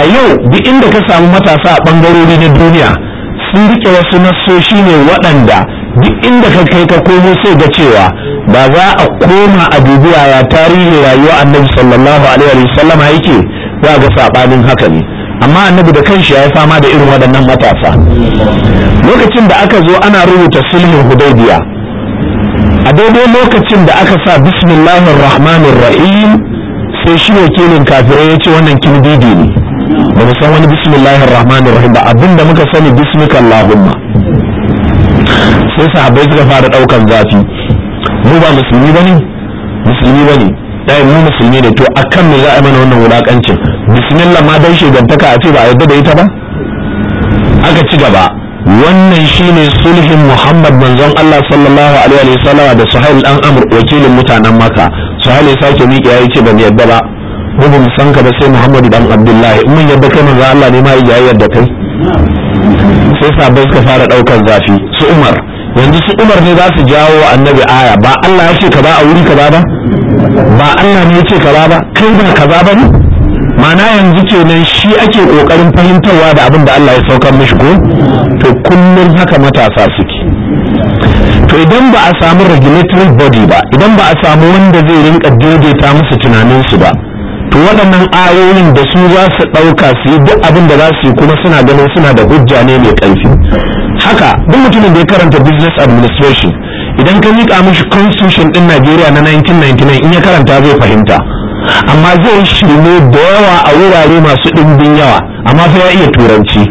a yau duk inda ka samu matasa a ɓangarori na duniya sun rike wasu nassoshi ne waɗanda duk inda ka kai ka komo sai ga cewa ba za a koma a dubi yaya tarihin rayuwa annabi sallallahu alaihi wa sallam yake za ga sabanin haka ne amma annabi da kanshi ya fama da irin waɗannan matasa lokacin da aka zo ana rubuta sulhun hudaybiya a daidai lokacin da aka sa bismillahir rahmanir rahim sai shi wakilin kafirai ya ce wannan kindidi ne ba mu san wani bismillahir rahmanir rahim ba abinda muka sani bismika allahumma sai sahabbai suka fara daukar zafi mu ba musulmi bane musulmi bane dai mu musulmi ne to akan me za a mana wannan wulakancin bismillah ma dai gantaka a ce ba a yadda da ita ba aka ci gaba wannan shine sulhin Muhammad manzon Allah sallallahu alaihi wa sallama da Suhail dan Amr wakilin mutanen maka. Suhail ya sake miƙe ya ce ban yadda ba mu ba mu san ka ba sai Muhammad dan Abdullahi mun yadda kai manzon Allah ne ma yayi yadda kai sai sabai suka fara daukar zafi su umar yanzu su umar ne za su jawo annabi aya ba Allah ya ce kaza a wuri kaza ba ba Allah ne ya ce kaza ba kai ba kaza ba ne Mana yanzu ke nan shi ake kokarin fahimtarwa da abin da Allah ya saukar mishi ko to kullum haka matasa suke to idan ba a samu regulatory body ba idan ba a samu wanda zai rinka daidaita musu tunaninsu ba to waɗannan ayoyin da su za su ɗauka su yi duk abin da za su yi kuma suna ganin suna da hujja ne mai ƙarfi haka duk mutumin da ya karanta business administration idan ka miƙa mishi constitution ɗin najeriya na 1999 in ya karanta zai fahimta amma zai shirme da yawa a wurare masu ɗimbin yawa amma fa ya iya turanci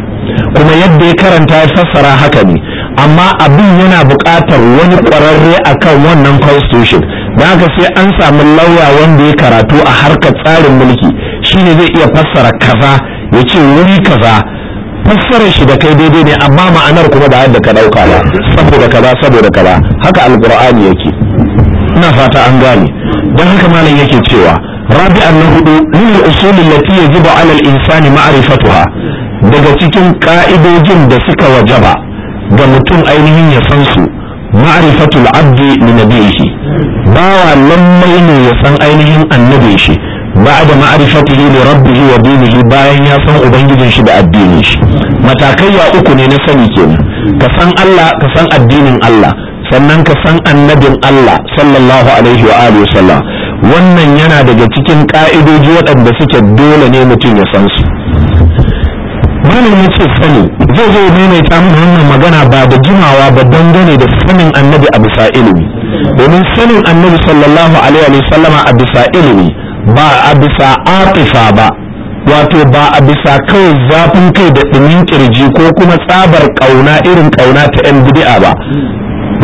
kuma yadda ya karanta ya fassara haka ne amma abin yana buƙatar wani ƙwararre akan wannan constitution da haka sai an samu lauya wanda ya karatu a harkar tsarin mulki shine zai iya fassara kaza ya ce wuri kaza fassarar shi da kai daidai ne amma ma'anar kuma da yadda ka dauka ba saboda kaza saboda kaza haka alqur'ani yake ina fata an gane dan haka malam yake cewa rabi'an na hudu min al-usul allati yajibu 'ala al-insani ma'rifatuha daga cikin ka'idojin da suka wajaba ga mutum ainihin ya san su ma'rifatul abdi li nabiyihi bawa lammai ne ya san ainihin annabi shi ba da da li rabbihi wa dinihi bayan ya san ubangijin shi da addinin shi matakai ya uku ne na sani kenan ka san Allah ka san addinin Allah sannan ka san annabin Allah sallallahu alaihi wa alihi wannan yana daga cikin ka'idoji waɗanda suke dole ne mutum ya san su ne ce sani zai zo mai mana wannan magana ba da jimawa ba dangane da sanin annabi a bisa ilimi domin sanin annabi sallallahu alaihi wa sallama a bisa ilimi ba a bisa atifa ba wato ba a bisa kawai zafin kai da ɗumin kirji ko kuma tsabar ƙauna irin ƙauna ta 'yan bid'a ba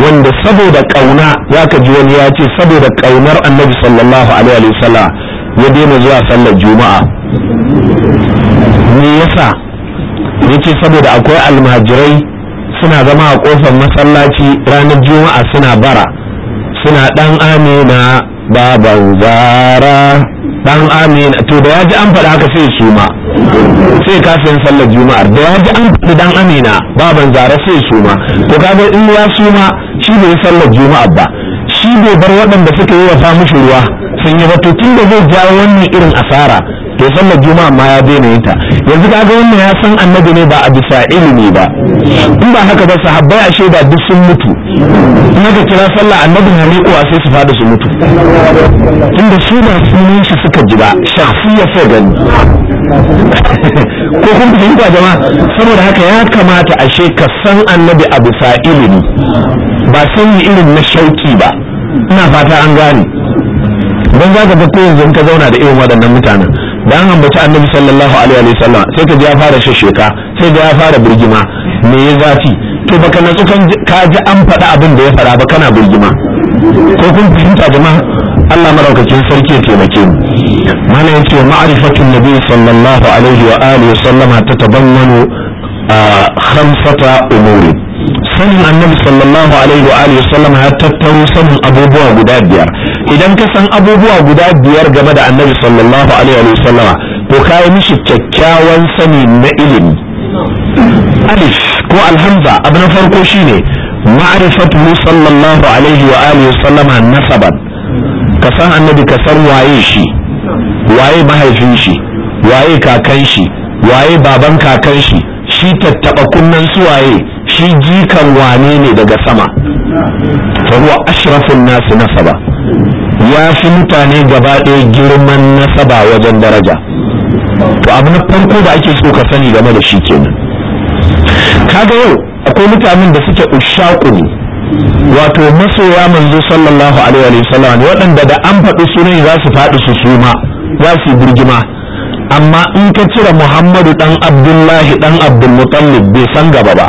wanda saboda ƙauna ya ka ji wani ya ce saboda ƙaunar annabi sallallahu alaihi wa sallam ya daina zuwa sallar juma'a me yasa yace saboda akwai almajirai suna zama a kofar masallaci ranar juma'a suna bara suna dan amina baban zara dan amina to da waje an faɗa haka sai su ma sai kafin sallar juma'ar da waje an faɗi dan amina baban zara sai su ma to kaga in ya su ma shi bai sallar juma'ar ba shi bai bar waɗanda suka yi wa mushi ruwa sun yi ba to tun da zai jawo wannan irin asara san da juma'a ma ya daina yin ta yanzu kaga wannan ya san annabi ne ba a bisa ilimi ba in ba haka ba sahabbai a shaida duk sun mutu in aka kira sallah annabi na miƙo sai su fada su mutu da su ba sunan shi suka ji ba shakhsiyya sai gani [LAUGHS] ko kun fahimta jama'a saboda haka ya kamata ashe ka san annabi a bisa ilimi ba sanyi irin na shauki ba ina fata an gane don za ka ga ko yanzu ka zauna da irin waɗannan mutanen da an ambaci annabi sallallahu alaihi wa sallam sai ka ji ya fara shasheka sai da ya fara burgima me ya zafi to baka natsu ka ji an faɗa abin da ya fara ba kana burgima ko kun fahimta jama'a Allah maraukakin sarki ya taimake mu mana yace ma'rifatun nabi sallallahu alaihi wa alihi wa sallama tatabammanu khamsata umuri sanin annabi sallallahu alaihi wa alihi wa sallama ya tattaro sanin abubuwa guda biyar idan ka san abubuwa guda biyar game da annabi sallallahu alaihi wa sallama to ka yi mishi kyakkyawan sani na ilimi alif ko alhamza abu na farko shine mu sallallahu alaihi wa alihi wa sallama nasaban ka san annabi ka san waye shi waye mahaifin shi waye kakan shi waye baban kakan shi shi tattaba kunnan su waye shi jikan wane ne daga sama fa huwa ashrafun nas nasaba ya fi mutane gaba ɗaya girman nasaba wajen daraja to abu na farko da ake so ka sani game da shi kenan kaga yau akwai mutanen da suke ushakuni wato masoya manzo sallallahu alaihi wa sallam waɗanda da an faɗi sunan za su faɗi su suma za su birgima amma in ka cire muhammadu dan abdullahi dan abdulmutallib bai san gaba ba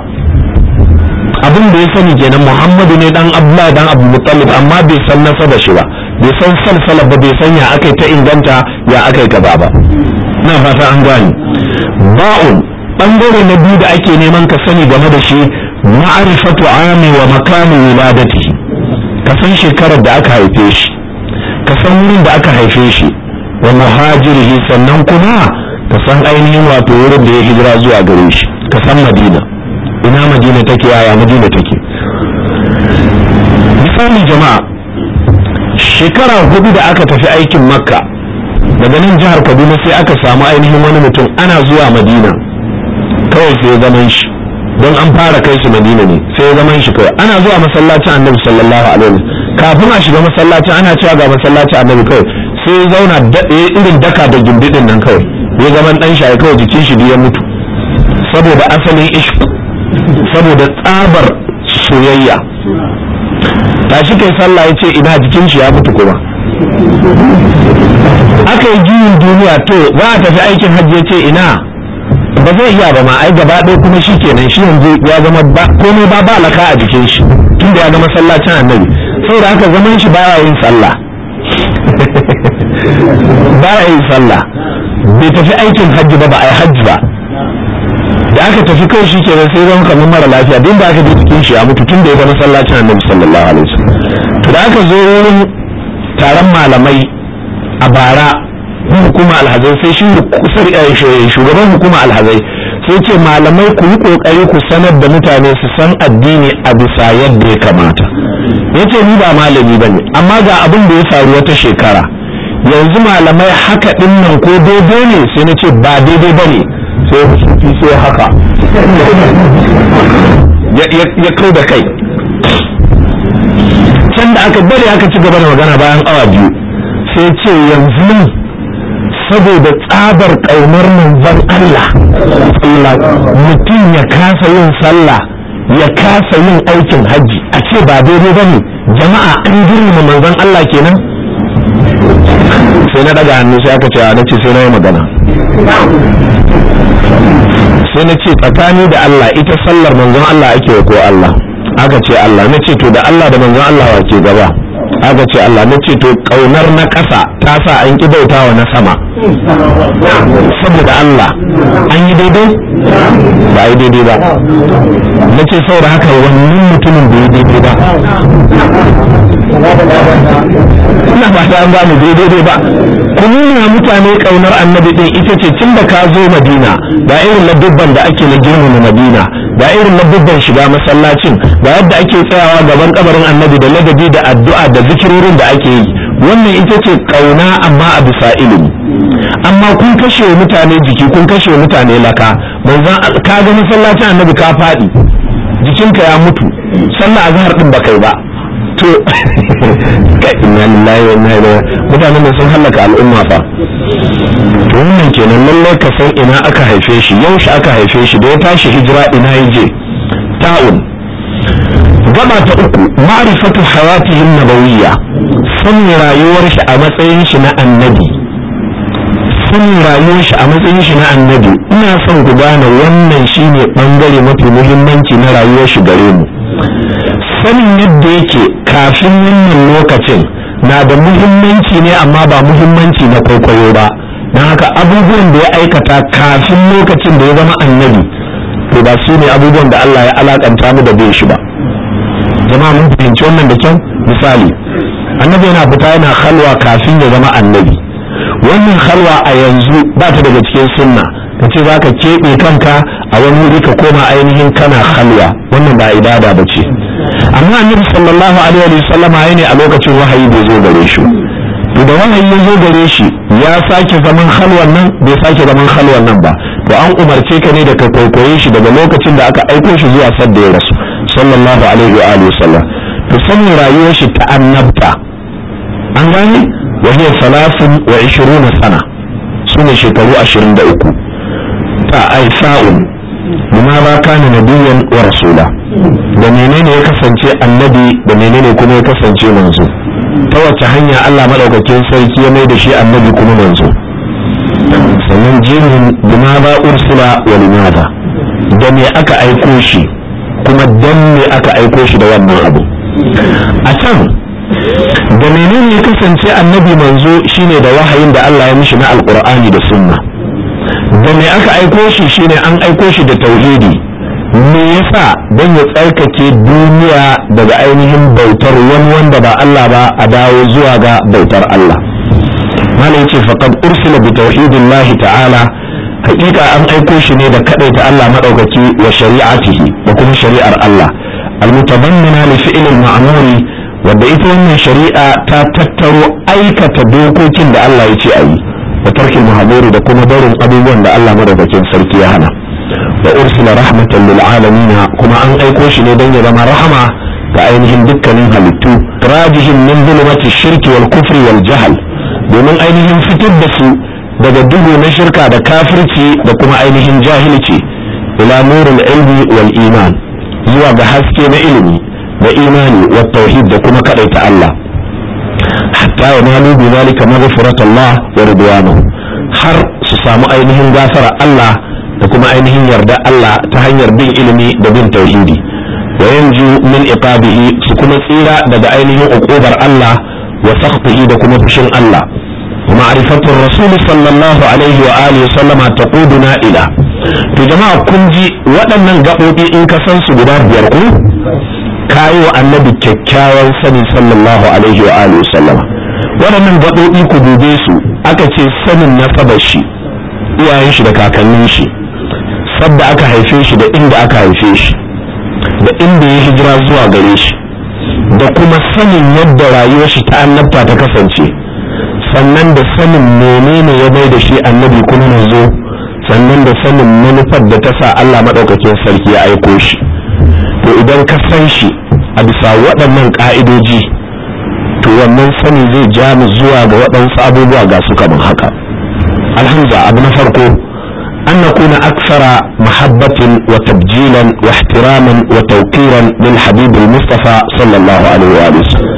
abin da ya sani kenan muhammadu ne dan abdullahi dan abu mutallib amma bai san nasaba shi ba bai san salsala ba bai san ya akai ta inganta ya akai kaza ba na fata an gane ba'un bangare na biyu da ake neman ka sani game da shi ma'arifatu ami wa makamin wiladati ka san shekarar da aka haife shi ka san wurin da aka haife shi wa muhajirihi sannan kuma ka san ainihin wato wurin da ya hijira zuwa gare shi ka san madina ina madina take yaya madina take misali jama'a shekara hudu da aka tafi aikin makka daga nan jihar kaduna sai aka samu ainihin wani mutum ana zuwa madina kawai sai zaman shi don an fara kai shi madina ne sai zaman shi kawai ana zuwa masallacin annabi sallallahu alaihi kafin a shiga masallacin ana cewa ga masallacin annabi kawai sai ya zauna irin daka da gindidin nan kawai ya zaman dan shi kawai jikin shi ya mutu saboda asalin ishku saboda tsabar soyayya Ta shi kai sallah ya ce ina jikin shi ya mutu kuma aka yi juyin duniya to za a tafi aikin hajji ya ce ina ba zai iya ba ma ai gaba ɗaya kuma shi kenan shi yanzu ya zama komai ba ba laka a jikin shi tunda ya zama sallacin annabi saboda haka zaman shi baya yin sallah [LAUGHS] baya yin sallah bai tafi aikin hajji ba ba a yi hajji ba da aka tafi kawai shi kenan sai zama kamar mara lafiya din da aka bi cikin shi a mutu tun da ya ga masallacin annabi sallallahu alaihi wasallam to da aka zo wurin taron malamai a bara hukuma alhazai sai shi eh, shugaban hukuma alhazai sai ce malamai ku yi kokari ku sanar da mutane su san addini a bisa yadda ya kamata yace ni ba malami bane amma ga abin da ya faru wata shekara yanzu malamai haka dinnan ko daidai ne sai na ce ba daidai bane sai sufi sai haka ya kai da kai can da aka bari aka ci gaba da magana bayan awa biyu sai ce yanzu nan saboda tsabar ƙaunar zan Allah mutum ya kasa yin sallah ya kasa yin aikin hajji a ce ba daidai ba ne jama'a an girma manzon Allah kenan sai na daga hannu sai aka ce na ce sai na yi magana sai na ce tsakani da Allah ita sallar manzon Allah ake wa ko Allah aka ce Allah na ce to da Allah da manzon Allah wa ke gaba aka ce Allah na ce to kaunar na ƙasa ta sa an ki bauta wa na sama saboda Allah an yi daidai ba a yi daidai ba na ce saboda haka wannan mutumin bai yi daidai ba ina ba ta an ba mu daidai ba ku nuna mutane kaunar annabi din ita ce tun da ka zo madina ba irin labubban da ake na girma na madina ba irin labubban shiga masallacin ba yadda ake tsayawa gaban kabarin annabi da ladabi da addu'a da zikirorin da ake yi wannan ita ce kauna amma a bisa ilimi amma kun kashe mutane jiki kun kashe mutane laka manzon ka ga masallacin annabi ka faɗi jikinka ya mutu sallah azhar din ba kai ba to [LAUGHS] ka inna lillahi wa inna ilaihi mutanen da sun halaka al'umma fa to wannan kenan lallai ka san ina aka haife shi yaushe aka haife shi da ya tashi hijira ina yaje ta'un gaba ta uku ma'rifatu hawatihin nabawiyya sanin rayuwar shi a matsayin shi na annabi sanin rayuwar shi a matsayin shi na annabi ina son ku gane wannan shine bangare mafi muhimmanci na rayuwar shi gare mu sanin yadda yake kafin wannan lokacin na da muhimmanci ne amma ba muhimmanci na kwaikwayo ba don haka abubuwan da ya aikata kafin lokacin da ya zama annabi to ba su ne abubuwan da Allah ya alakanta mu da bin shi ba jama'a mun fahimci wannan da kyau misali annabi yana fita yana halwa kafin ya zama annabi wannan halwa a yanzu ba ta daga cikin sunna ka ce za ka keɓe kanka a wani wuri ka koma ainihin kana halwa wannan ba ibada ba ce amma annabi sallallahu alaihi wa sallama ya ne a lokacin wahayi bai zo gare shi to da wahayi ya zo gare shi ya sake zaman halwan nan bai sake zaman halwan nan ba to an umarce ka ne da ka kwaikwaye shi daga lokacin da aka aiko shi zuwa sadda ya rasu sallallahu alaihi wa alihi wasallam to sanin rayuwar shi ta annabta an gane wa hiya salasun wa ishiruna sana sune shekaru 23 ta ai sa'un limaza kana nabiyyan wa rasula da menene ya kasance annabi da menene kuma ya kasance manzo ta wace hanya Allah madaukakin sarki ya mai da shi annabi kuma manzo sannan jinin jimin limaza ursula wa limaza da me aka aiko shi kuma dan me aka aiko shi da wannan abu a can da menene ya kasance annabi manzo shine da wahayin da Allah ya mishi na alkur'ani da sunna da me aka aiko shi shine an aiko shi da tauhidi me yasa don ya tsarkake duniya daga ainihin bautar wani wanda ba Allah ba a dawo zuwa ga bautar Allah malai ce faqad ursila bi tauhidillahi ta'ala hakika an aiko shi ne da kaɗaita Allah maɗaukaki wa shari'atihi da kuma shari'ar Allah almutabammina li fi'lil ma'muri wanda ita wannan shari'a ta tattaro aikata dokokin da Allah ya ce a yi da tarkin muhammadu da kuma barin abubuwan da Allah madaukakin sarki ya hana wa ursila rahmatan lil alamin kuma an aiko shi ne don ya zama rahama ga ainihin dukkanin halittu rajihin min zulumati shirki wal kufri wal jahl domin ainihin fitar da su daga duhu na shirka da kafirci da kuma ainihin jahilci ila nurul ilmi wal iman zuwa ga haske na ilimi da imani wa tauhid da kuma kadaita Allah hatta ya malu bi zalika maghfiratullah wa ridwanuhu har su samu ainihin gafara Allah da kuma ainihin yarda Allah ta hanyar bin ilimi da bin tauhidi wa yanju min iqabihi su kuma tsira daga ainihin uqubar Allah wa sakhtihi da kuma fushin Allah ma'rifatu rasul sallallahu ta wa alihi ila to jama'a kun ji waɗannan gaɓoɓi in ka san su guda biyar ku kayi wa annabi kyakkyawar sani sallallahu alaihi waɗannan gaɓoɓi ku bube su aka ce sanin nasabar shi iyayen shi da kakannin shi sadda aka haife shi da inda aka haife shi da inda ya hijira zuwa gare shi da kuma sanin yadda rayuwar shi ta annabta ta kasance sannan da sanin menene ya mai da shi annabi kuma manzo sannan da sanin manufar da ta sa Allah maɗaukakin sarki ya aiko shi to idan ka san shi a bisa waɗannan ƙa'idoji to wannan sani zai ja mu zuwa ga waɗansu abubuwa ga su kamar haka alhamza abu na farko an na kuna aksara mahabbatin wa tabjilan wa ihtiraman wa tawqiran lil habibul mustafa sallallahu alaihi wa sallam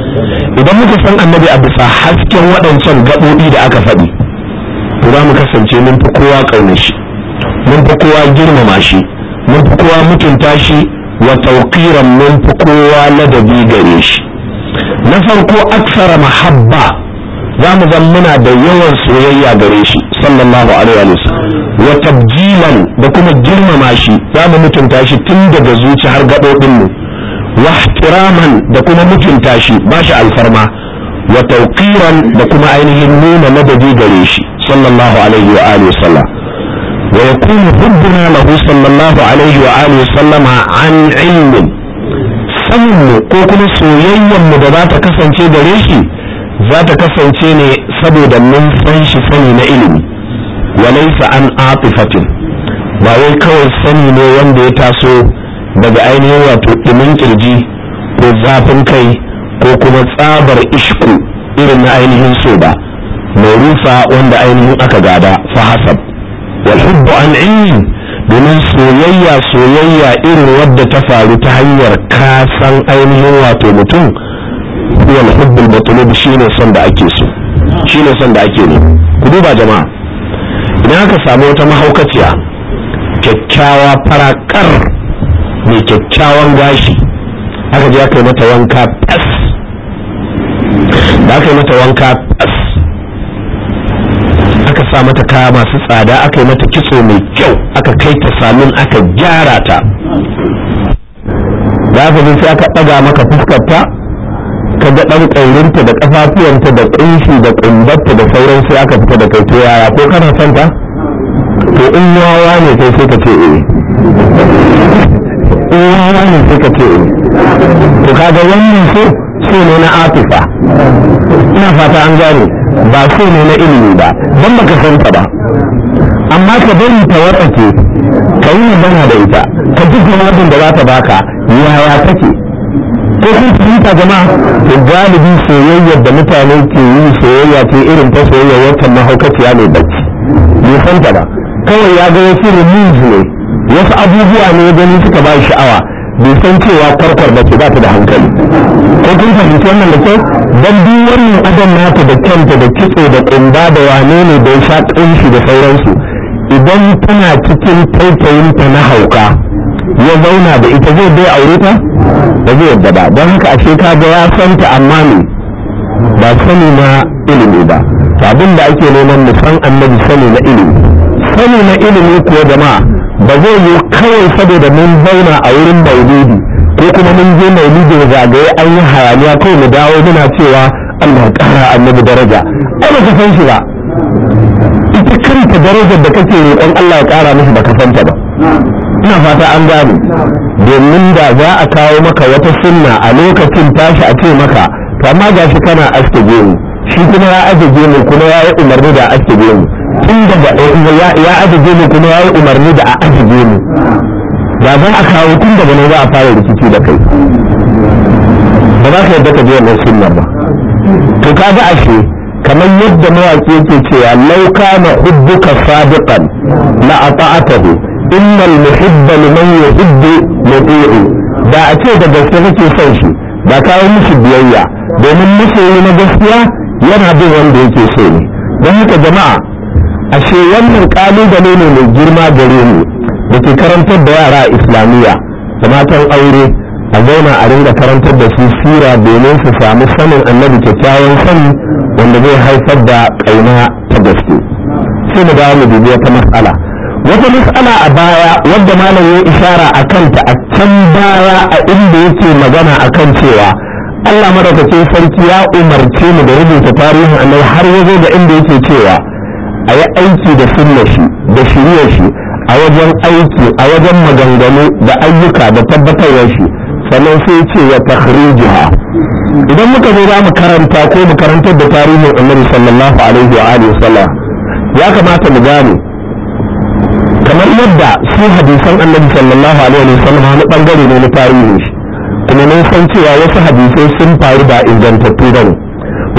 idan muka san annabi a bisa hasken waɗancan gaɓoɓi da aka faɗi to za mu kasance mun fi kowa ƙauna shi mun fi kowa girmama shi mun fi kowa mutunta shi wa tauƙiran mun fi kowa ladabi gare shi na farko aksara mahabba za mu zan muna da yawan soyayya gare shi sallallahu alaihi wa wa tabjilan da kuma girmama shi za mu mutunta shi tun daga zuci har gaɓoɓin mu wa ihtiraman da kuma mutunta shi ba shi alfarma wa tawqiran da kuma ainihin nuna madadi gare shi sallallahu alaihi wa alihi wasallam wa yakunu hubbuna lahu sallallahu alaihi wa alihi wasallama an ilmin sanmu ko kuma soyayyen mu da za ta kasance gare shi za ta kasance ne saboda mun san shi sani na ilimi wa laysa an atifatin ba wai kawai sani ne wanda ya taso daga ainihin wato ɗumin kirji ko zafin kai ko kuma tsabar ishku irin na ainihin so ba mai rufa wanda ainihin aka gada fa hasab wal hubbu an ilmi domin soyayya soyayya irin wadda ta faru ta hanyar kasan ainihin wato mutum wal hubbul matlub shine son da ake so shine son da ake ne ku duba jama'a idan aka samu wata mahaukaciya kyakkyawa farakar mai kyakkyawan gashi aka je aka yi mata wanka fas da aka yi mata wanka fas aka sa mata kaya masu tsada aka yi mata kitso mai kyau aka kai ta salon aka gyara ta da aka sai aka ɗaga maka fuskarta ka ga ɗan ƙaurinta da ƙafafuwanta da ƙunshi da ƙumbarta da sauran sai aka fita da kaito yaya ko kana santa ta to in yawa ne kai sai ka ce eh uwa wannan suka ce to kaga wannan su so ne na atifa ina fata an gane ba so ne na ilimi ba don baka san ta ba amma ka bari ta warake ka yi magana da ita ka ji jawabin da za ta baka yaya take ko kun fahimta jama'a galibi soyayyar da mutane ke yi soyayya ce irin ta soyayya wacce mahaukaciya ne bacci bai san ta ba kawai ya ga wasu remove ne wasu abubuwa ne gani suka ba sha'awa bai san cewa kwarkwar da ce ba ta da hankali ko kun fahimci wannan da kyau don duk wannan adam nata da kyanta da kitso da kumba da wane ne da ya sha ƙunshi da sauransu idan tana cikin taitayinta na hauka ya zauna da ita zai bai aure ta ba zai yadda ba don haka ashe ka ga ya san ta amma ne ba sani na ilimi ba abin da ake neman mu san annabi sani na ilimi sani na ilimi kuwa jama'a ba zai yi kawai saboda mun zauna a wurin maulidi ko kuma mun je da zagaye an yi hayaniya kawai mu dawo muna cewa Allah kara annabi daraja ai ba ka san shi ba ita kanta darajar da kake roƙon Allah ya kara mishi ba ka ta ba ina fata an gane domin da za a kawo maka wata sunna a lokacin tashi a ce maka to amma gashi kana aske gemu shi kuma ya aje gemu kuma ya yi umarni da aske gemu tun daga ya ajiye mu kuma ya yi umarni da a ajiye mu da za a kawo tun daga ne za a fara rikici da kai ba za ka yadda ka biya mai sunnar ba to ka ga ashe kamar yadda mawaƙi yake cewa lauka na hubbuka sadiqan la ata'atahu innal muhibba liman yuhibbu muti'u da a ce da gaske kake son shi ba kawo musu biyayya domin musu na gaskiya yana bin wanda yake so ne don haka jama'a ashe wannan kalubale ne mai girma gare mu da ke karantar da yara islamiyya da matan aure a zauna a ringa karantar da su sira domin su samu sanin annabi kyakkyawan sani wanda zai haifar da kaina ta gaske sai mu dawo mu dubi wata matsala. wata mas'ala a baya wadda malam ya ishara a kanta a can baya a inda yake magana a kan cewa Allah madaukakin sarki ya umarce mu da rubuta tarihin annabi har ya zo da inda yake cewa a yi aiki da sunna shi da shirya shi a wajen aiki a wajen maganganu da ayyuka da tabbatarwar shi sannan sai ce ya ha? idan muka zo za mu karanta ko mu karantar da tarihin annabi sallallahu alaihi wa alihi wasallam ya kamata mu gane kamar yadda su hadisan annabi sallallahu alaihi wa sallam wani bangare ne na tarihin shi kuma mun san cewa wasu hadisai sun faru ba ingantattu bane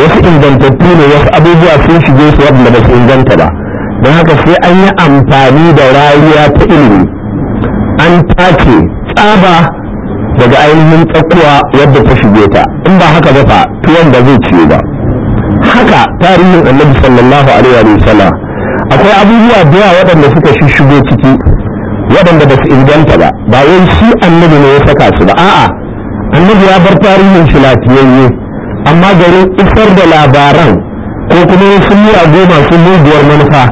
wasu ingantattu ne wasu abubuwa sun shige su waɗanda ba su inganta ba don haka sai an yi amfani da rariya ta ilimi an take tsaba daga ainihin tsakuwa yadda ta shige ta in ba haka ba fa tuwon ba zai ciye ba haka tarihin annabi sallallahu alaihi wa sallam akwai abubuwa da waɗanda suka shigo ciki waɗanda ba su inganta ba ba wai shi annabi ne ya saka su ba a'a annabi ya bar tarihin shi lafiyayye amma garin isar da labaran ko kuma wasu miyagu masu muguwar manufa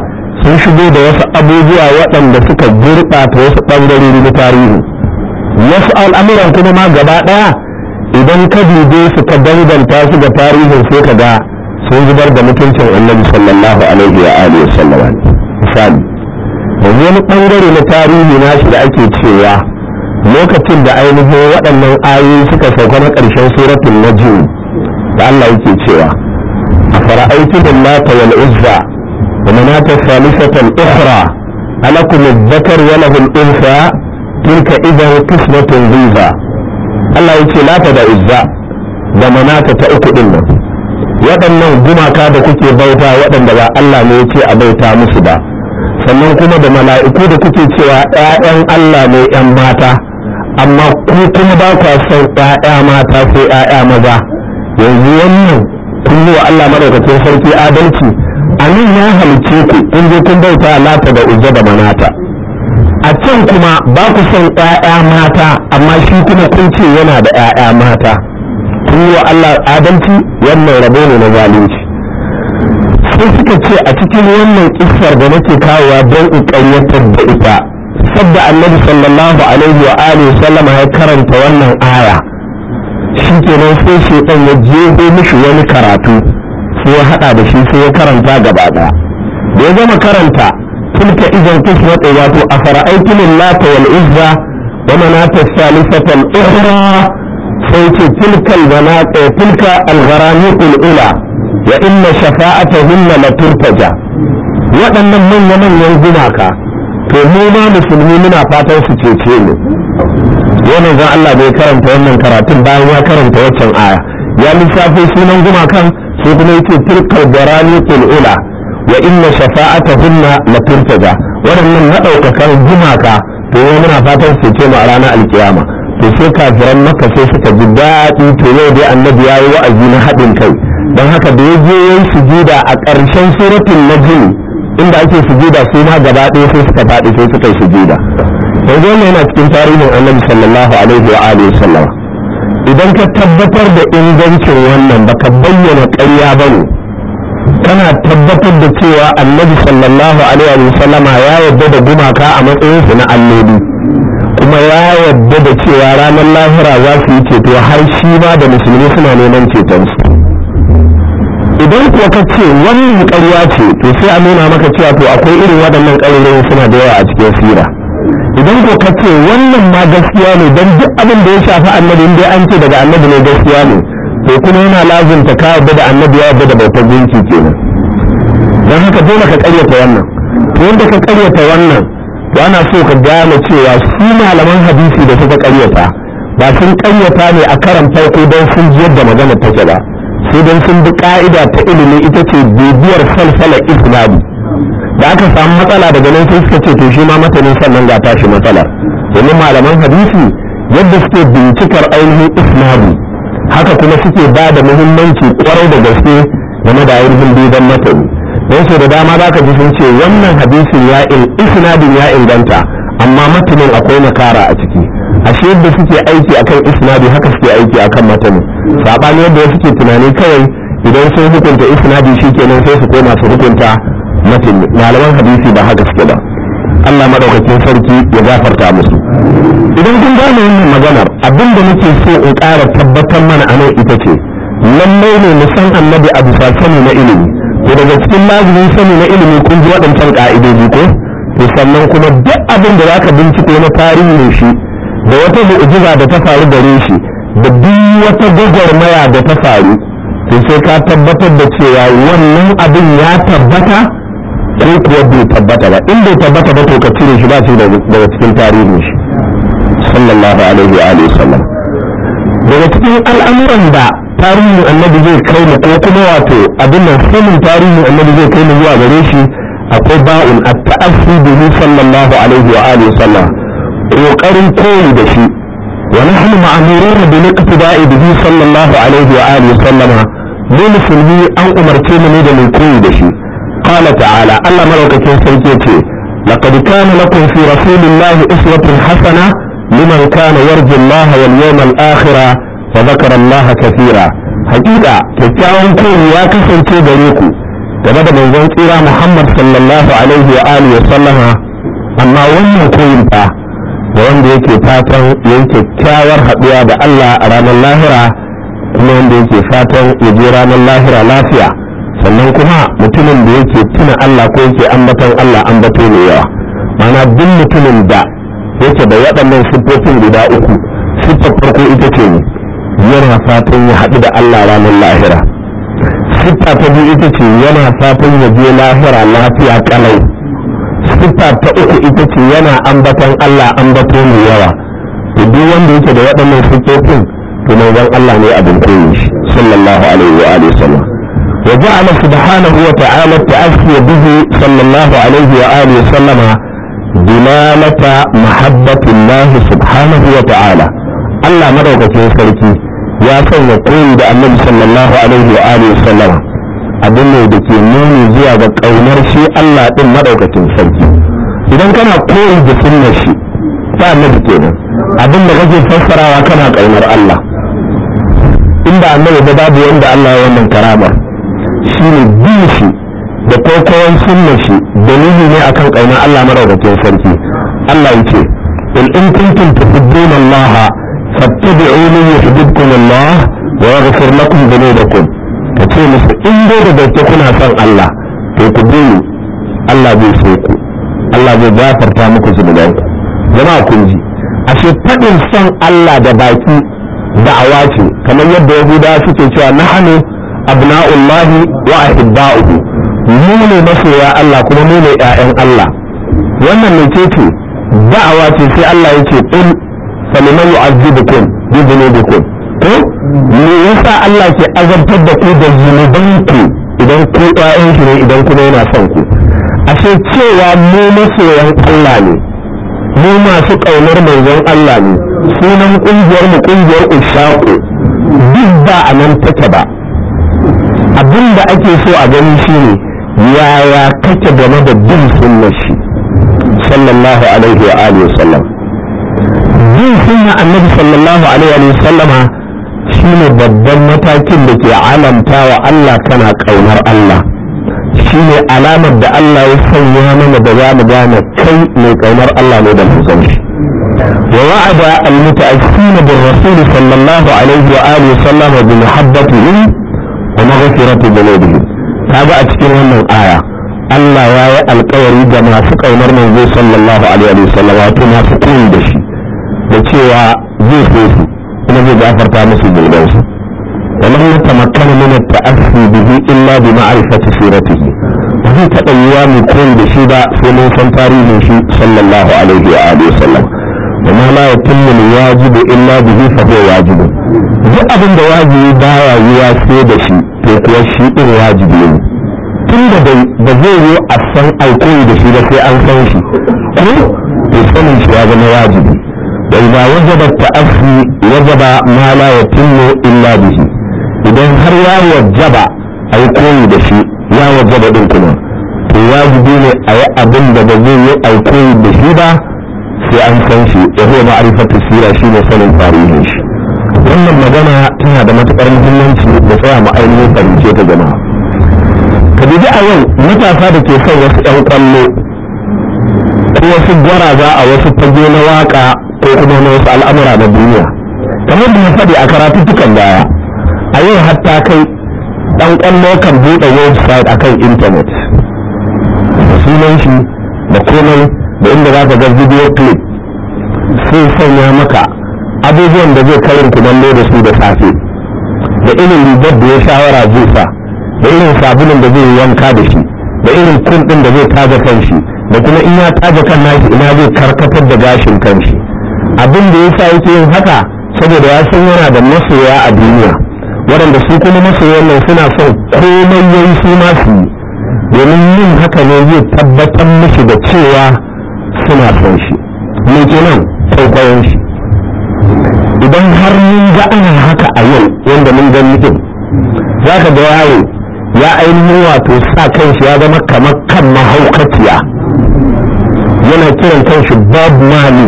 sun shigo da wasu abubuwa waɗanda suka gurɓata wasu ɓangarori na tarihi wasu al'amuran kuma ma gaba ɗaya idan ka dube su ka danganta su ga tarihin sai ka ga sun zubar da mutuncin annabi sallallahu alaihi wa alihi wa sallam misali yanzu wani ɓangare na tarihi na shi da ake cewa lokacin da ainihin waɗannan ayoyi suka sauka na ƙarshen suratul najm da Allah yake cewa a da mata wal uzza wa manata salisatan ukhra alakum adh-dhakar wa lahu al-untha tilka idha qismatun dhiza Allah yake lata da uzza da manata ta uku din nan waɗannan gumaka da kuke bauta waɗanda ba Allah ne yake a bauta musu ba sannan kuma da mala'iku da kuke cewa ‘ya'yan Allah ne ‘yan mata’ amma ku kuma ba kwa son ‘ya'ya mata sai ‘ya'ya maza yanzu wannan kun yi wa Allah madaukakin sarki adalci a nan ya halice ku in je kun bauta lata da uzza da manata a can kuma ba ku son ƴaƴa mata amma shi kuma kun ce yana da ƴaƴa mata kun yi wa Allah adalci wannan rabo ne na zalunci sai suka ce a cikin wannan kissar da nake kawowa don in ƙaryatar da ita sabda annabi sallallahu alaihi wa alihi sallama ya karanta wannan aya shi kenan sai ɗan ya jeho mishi wani karatu Su ya haɗa da shi sai ya karanta gaba ɗaya da ya gama karanta tilka idan kiswat wato afara'aytum lata wal izza wa manata thalithata al sai ce tilka al banat tilka al gharaniq al ula wa inna shafa'atuhunna la turtaja waɗannan manya manyan gumaka to mu ma musulmi muna fatan su cece mu yana zan Allah bai karanta wannan karatun bayan ya karanta waccan aya ya lissafo sunan gumakan su kuma yace tilkal barani ula wa inna shafa'atahunna la turtaja waɗannan madaukakan gumaka to yau muna fatan su ce mu a ranar alkiyama to sai kafiran maka sai suka ji daɗi to yau dai annabi ya yi wa'azi na haɗin kai don haka da ya je yin sujuda a ƙarshen na najm inda ake sujuda su ma gaba ɗaya sai suka faɗi sai suka yi sujuda yanzu wannan yana cikin tarihin annabi sallallahu alaihi wa alihi sallam idan ka tabbatar da ingancin wannan baka bayyana ƙarya ne. kana tabbatar da cewa annabi sallallahu alaihi wa sallama ya yarda da gumaka a matsayin su na alloli kuma ya yarda da cewa ranar lahira za su yi ceto har shi ma da musulmi suna neman ceton su idan kuwa ka ce wannan ƙarya ce to sai a nuna maka cewa to akwai irin waɗannan ƙarerayin suna da yawa a cikin sira idan ko ka ce wannan ma gaskiya ne don duk abin da ya shafi annabi in dai an ce daga annabi ne gaskiya ne to kuma yana lazimta ka yarda da annabi ya yarda da bautar gunki kenan don haka dole ka karyata wannan to yadda ka karyata wannan to ana so ka gane cewa su malaman hadisi da suka karyata ba sun karyata ne a karan farko don sun ji yadda magana take ba sai don sun bi ka'ida ta ilimi ita ce bibiyar salsala isnadi da aka samu matsala daga nan sai suka ce to shi ma matanin sannan ga tashi matsala domin malaman hadisi yadda suke bincikar ainihin isnadi haka kuma suke ba da muhimmanci kwarai da gaske game da ainihin don matani don so da dama za ka ji sun ce wannan hadisin ya isnadin ya inganta amma matanin akwai makara a ciki ashe yadda suke aiki akan isnadi haka suke aiki akan matanin saɓani yadda suke tunani kawai idan sun hukunta isnadi kenan sai su koma su hukunta malaman hadisi ba haka suke ba Allah madaukakin sarki ya gafarta musu idan kun gane wannan maganar abin da nake so in ƙara tabbatar mana a nan ita ce lallai ne mu san annabi a bisa sani na ilimi ko daga cikin lazumin sani na ilimi kun ji waɗancan ƙa'idoji ko to sannan kuma duk abin da ka bincike na tarihin shi da wata mu'jiza da ta faru gare shi da duk wata maya da ta faru to sai ka tabbatar da cewa wannan abin ya tabbata ko kuwa bai tabbata ba in bai tabbata ba to ka cire shi ba shi daga cikin tarihin shi sallallahu alaihi wa alihi sallam daga cikin al'amuran da tarihin annabi zai kai mu ko kuma wato abin nan sanin tarihin annabi zai kai mu zuwa gare shi akwai ba'un at-ta'assi bihi sallallahu alaihi wa alihi sallam kokarin koyi da shi wa nahnu ma'murun bi liqtida'i bihi sallallahu alaihi wa alihi sallam mu musulmi an umarce mu ne da mu koyi da shi qala ta'ala Allah maraukakin sarki ce laqad kana lakum fi rasulillahi uswatun hasana liman kana yarju Allah wal ya kasance gare ku game da manzon tsira Muhammad sallallahu alaihi wa wannan koyin fa da da Allah a ranar fatan ya je ranar lafiya sannan kuma mutumin da yake tuna Allah ko yake ambaton Allah ambato ne yawa mana duk mutumin da yake da waɗannan siffofin guda uku siffar farko ita ce ne yana fatan ya haɗu da Allah ranar lahira siffa ta biyu ita ce yana fatan ya je lahira lafiya kalau siffa ta uku ita ce yana ambaton Allah ambato ne yawa duk wanda yake da waɗannan siffofin to manzon Allah ne abin koyi sallallahu alaihi wa alihi wasallam وجعل سبحانه وتعالى التأسي به صلى الله عليه وآله وسلم دلالة محبة الله سبحانه وتعالى الله مدوك في سلكي يا سيد قول النبي صلى الله عليه وآله وسلم abin da ke nuni zuwa ga ƙaunar shi Allah ɗin maɗaukacin sarki idan kana koyi da sunnar shi ta annabi kenan abin da kake fassarawa kana ƙaunar Allah ba annabi da babu wanda Allah ya wannan karamar shine bin shi da kwaikwayon sunnar shi dalili ne akan ƙaunar Allah madaukakin sarki Allah ce in in kuntum tuhibbuna Allah fattabi'uni yuhibbukum Allah wa yaghfir lakum dhunubakum kace musu in dai da gaske kuna son Allah to ku bi Allah zai so ku Allah zai gafarta muku zunubanku jama'a kun ji ashe fadin son Allah da baki da ce kamar yadda da suke cewa nahanu abna'ullahi wa ahibba'uhu mu ne masoya Allah kuma mu ne ƴaƴan Allah wannan ne ce ce da'awa ce sai Allah ya ce qul faliman yu'azzibukum bi dhunubikum ko me yasa Allah ke azabtar da ku da zunubanku idan ku ƴaƴan shi idan kuma yana son ku ashe cewa mu masoyan Allah ne mu masu ƙaunar manzon Allah ne sunan ƙungiyar mu ƙungiyar ushaku duk ba a nan take ba abin da ake so a gani shine yaya kake game da bin sunnar shi sallallahu alaihi wa alihi wasallam bin sunnar annabi sallallahu alaihi wa sallama shine babban matakin da ke alamta wa Allah kana kaunar Allah shine alamar da Allah ya sanya mana da za mu gane kai mai kaunar Allah ne da manzon shi ووعد المتأسين بالرسول صلى الله عليه وآله وسلم بمحبته wa maghfiratu dhunubihim kaga a cikin wannan aya Allah ya yi alkawari da masu kaunar manzo sallallahu alaihi wa sallam wato masu koyi da shi da cewa zai so su kuma zai gafarta musu zunubansu da يتمكن من التأثي به إلا بمعرفة da shi تقوى من كل شيء سنوفا تاريخ sallallahu alaihi wa wa sallam وما لا يتم الواجب إلا به فهو واجب duk abin da wajibi baya yiwa sai da shi to kuwa shi din wajibi ne tunda da zai yi a san alkoyi da shi da sai an san shi ko to sanin shi ya zama wajibi da ina wajaba ta'assi wajaba ma la yatimmu illa bihi idan har ya wajaba ai koyi da shi ya wajaba din kuma to wajibi ne a yi abin da ba zai yi alkoyi da shi ba sai an san shi ya zo ma'arifatu sira shi ne sanin tarihin shi wannan magana tana da matukar muhimmanci da tsaya mu ainihin fahimce ta jama'a ka dubi a yau matasa da ke son wasu yan kallo ko wasu gwaraza a wasu fage na waka ko kuma na wasu al'amura na duniya kamar da ya faɗi a karatuttukan baya a yau hatta kai ɗan kallo kan buɗe website akan intanet da sunan shi da komai da inda za ka ga video clip sun sanya maka abubuwan da zai karin kumallo da su da safe da irin rigar da ya shawara zai sa da irin sabulun da zai wanka da shi da irin kun din da zai taja kan shi da kuma in ya taja kan nashi ina zai karkatar da gashin kan shi abin da ya sa yake yin haka saboda ya san yana da masoya a duniya waɗanda su kuma masoyan nan suna son komai yayi su ma su yi domin yin haka ne zai tabbatar mishi da cewa suna son shi me kenan kwaikwayon shi idan har mun ga ana haka a yau wanda mun ga mutum za ka ga yawo ya ainihin wato sa kan shi ya zama kamar kan mahaukaciya yana kiran kan shi bob mali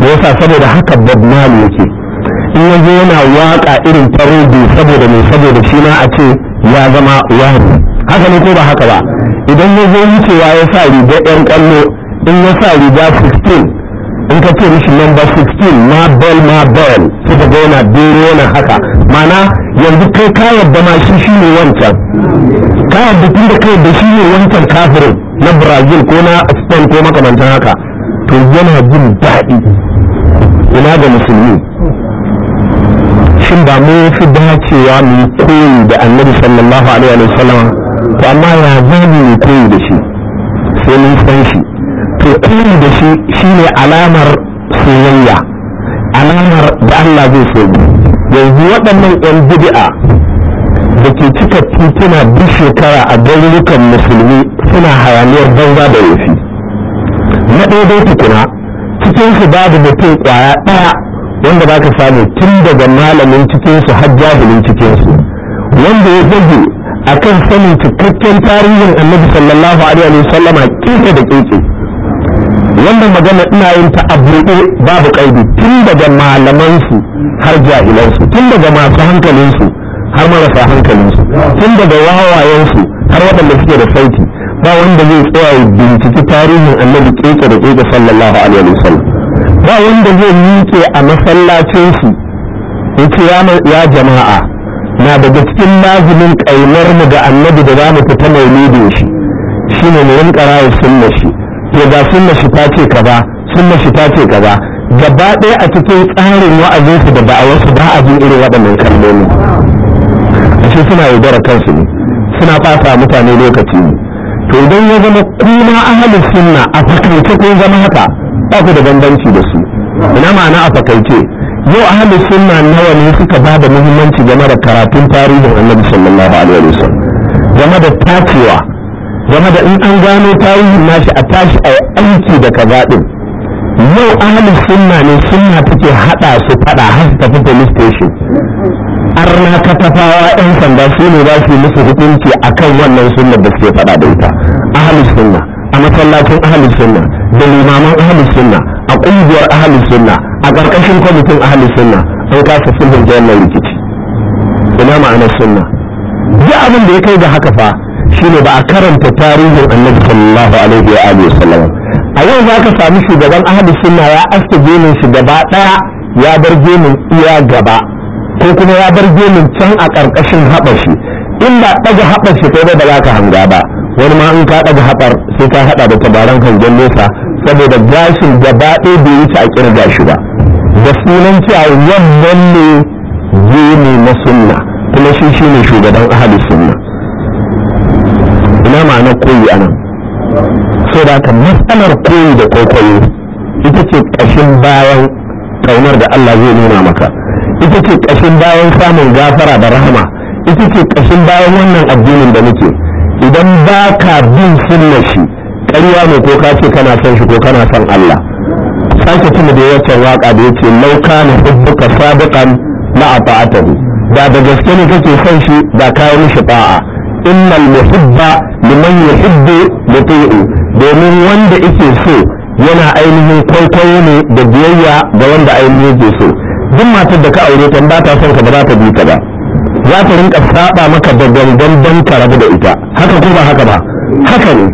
da yasa saboda haka bob mali yake in yanzu yana waka irin tarobi saboda mai saboda shi ma a ce ya zama wani haka ne ko ba haka ba idan ya zo wucewa ya sa rigar yan kallo in ya sa riga 16 in ka ce mishi number 16 ma bell ma bell sai daga yana biyu yana haka mana yanzu kai ka yadda ma shi shi ne wancan ka yadda tun da kai da shi ne wancan kafirin na brazil ko na spain ko makamantan haka to yana jin daɗi ina ga musulmi shin ba mu fi dacewa mu yi koyi da annabi sallallahu alaihi wa sallam to amma ya zama mu koyi da shi sai mun san shi to koyi da shi shine alamar soyayya alamar da Allah zai so yanzu waɗannan yan bid'a da ke cika tituna duk shekara a garurukan musulmi suna hayaniyar banza da yafi na ɗaya dai tukuna cikin su babu mutum ƙwaya ɗaya wanda ba ka samu tun daga malamin cikinsu har jahilin cikinsu wanda ya zage a kan sanin cikakken tarihin annabi sallallahu alaihi wa sallama kike da kike wannan magana ina yin ta a babu ka'idu tun daga malamansu har jahilansu tun daga masu hankalinsu har marasa hankalinsu tun daga wawayensu har waɗanda suke da sauti ba wanda zai tsaya binciki tarihin annabi keke da keke sallallahu alaihi wasallam ba wanda zai miƙe a masallacinsu yace ya jama'a na daga cikin lazimin kaimar mu ga annabi da za mu fita mai shi shine mu rinƙa rayar sunna shi to ga sun shi ta ce kaza sun shi ta ce kaza gaba ɗaya a cikin tsarin wa'azinsu da wasu ba a jin irin waɗannan kalmomi ashe suna yaudara kansu ne suna fasa mutane lokaci ne to idan ya zama kuma ahalin sunna a fakaice kun zama haka ba ku da bambanci da su ina ma'ana a fakaice yau ahalin sunna nawa ne suka ba da muhimmanci game da karatun tarihin annabi sallallahu alaihi wasallam game da tacewa game da in an gano tarihin nashi a tashi a aiki da kaza din yau ahalin sunna ne sunna take hada su fada har su tafi police station arna katafawa yan sanda su ne za su musu hukunci akan wannan sunnar da suke fada da ita ahalin sunna a masallacin ahalin sunna da limaman ahalin sunna a kungiyar ahalin sunna a karkashin kwamitin ahalin sunna an kasa sulhun jami'ar rikici ina ma'anar sunna duk abin da ya kai da haka fa shine ba a karanta tarihin annabi sallallahu alaihi wa alihi wasallam a yau za ka sami shugaban ahli sunna ya aske gemin shi gaba daya ya bar gemin iya gaba ko kuma ya bar gemin can a karkashin haɓashi in ba ɗaga haɓashi kai ba za ka hanga ba wani ma in ka ɗaga haɓar sai ka haɗa da tabaran hangen nesa saboda gashin gaba ɗaya bai wuce a kirga shi ba da sunan cewa wannan ne gemi na sunna kuma shi shine shugaban ahli sunna ina ma'ana koyi ana so da haka matsalar koyi da kwaikwayo ita ce ƙashin bayan kaunar da Allah zai nuna maka ita ce ƙashin bayan samun gafara da rahama ita ce ƙashin bayan wannan addinin da muke idan ba ka bin sunna shi ƙarya ne ko ka ce kana son shi ko kana son Allah sake tuna da yaccen waka da yace lauka na hubbuka sabiqan la ata'atahu da da gaske ne kake son shi da kayan shi ba'a innal muhibba liman yuhibbu muti'u domin wanda yake so yana ainihin kwaikwayo ne da biyayya ga wanda ainihin yake so duk matar da ka aure ta ba ta son ka ba za ta bi ka ba za ta rinka saba maka da gangan dan ka rabu da ita haka ko ba haka ba haka ne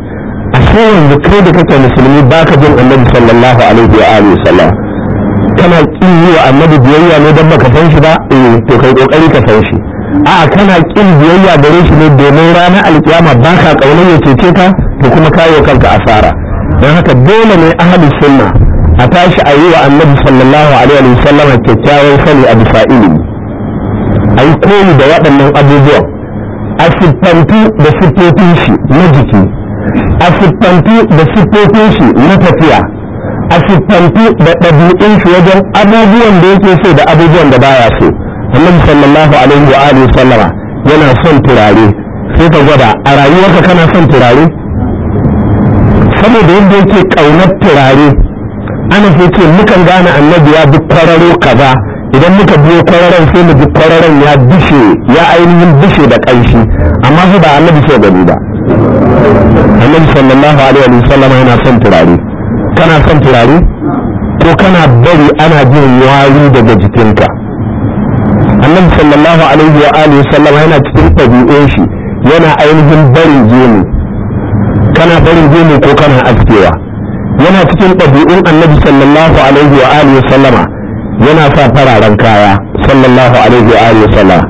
a yanzu kai da kake musulmi baka jin annabi sallallahu alaihi wa alihi wasallam kana kin yi wa annabi biyayya ne dan baka san shi ba eh to kai kokari ka san shi a kana kin biyayya gare shi ne domin ranar alkiyama ba ka kaunar ya cece ka da kuma kayo kanka asara don haka dole ne ahli sunna a tashi a yi wa annabi sallallahu alaihi wa sallam kyakkyawan sani a bisa ilimi a yi koyi da waɗannan abubuwan a siffantu da siffofin shi na jiki a siffantu da siffofin shi na tafiya a siffantu da ɗabi'un shi wajen abubuwan da yake so da abubuwan da baya so annabi sallallahu alaihi wa alihi sallama yana son turare sai ka gwada a rayuwarka kana son turare saboda yadda yake kaunar turare ana ce mukan gane annabi ya bi kwararo kaza idan muka biyo kwararon sai mu bi kwararon ya dushe ya ainihin dushe da ƙanshi amma su ba annabi so gani ba annabi sallallahu alaihi wa sallama yana son turare kana son turare ko kana bari ana jin wari daga jikinka annabi sallallahu alaihi wa alihi sallam yana cikin tabi'un shi yana ainihin barin gemu kana barin gemu ko kana askewa yana cikin tabi'un annabi sallallahu alaihi wa alihi sallama yana sa fararen kaya sallallahu alaihi wa alihi sallama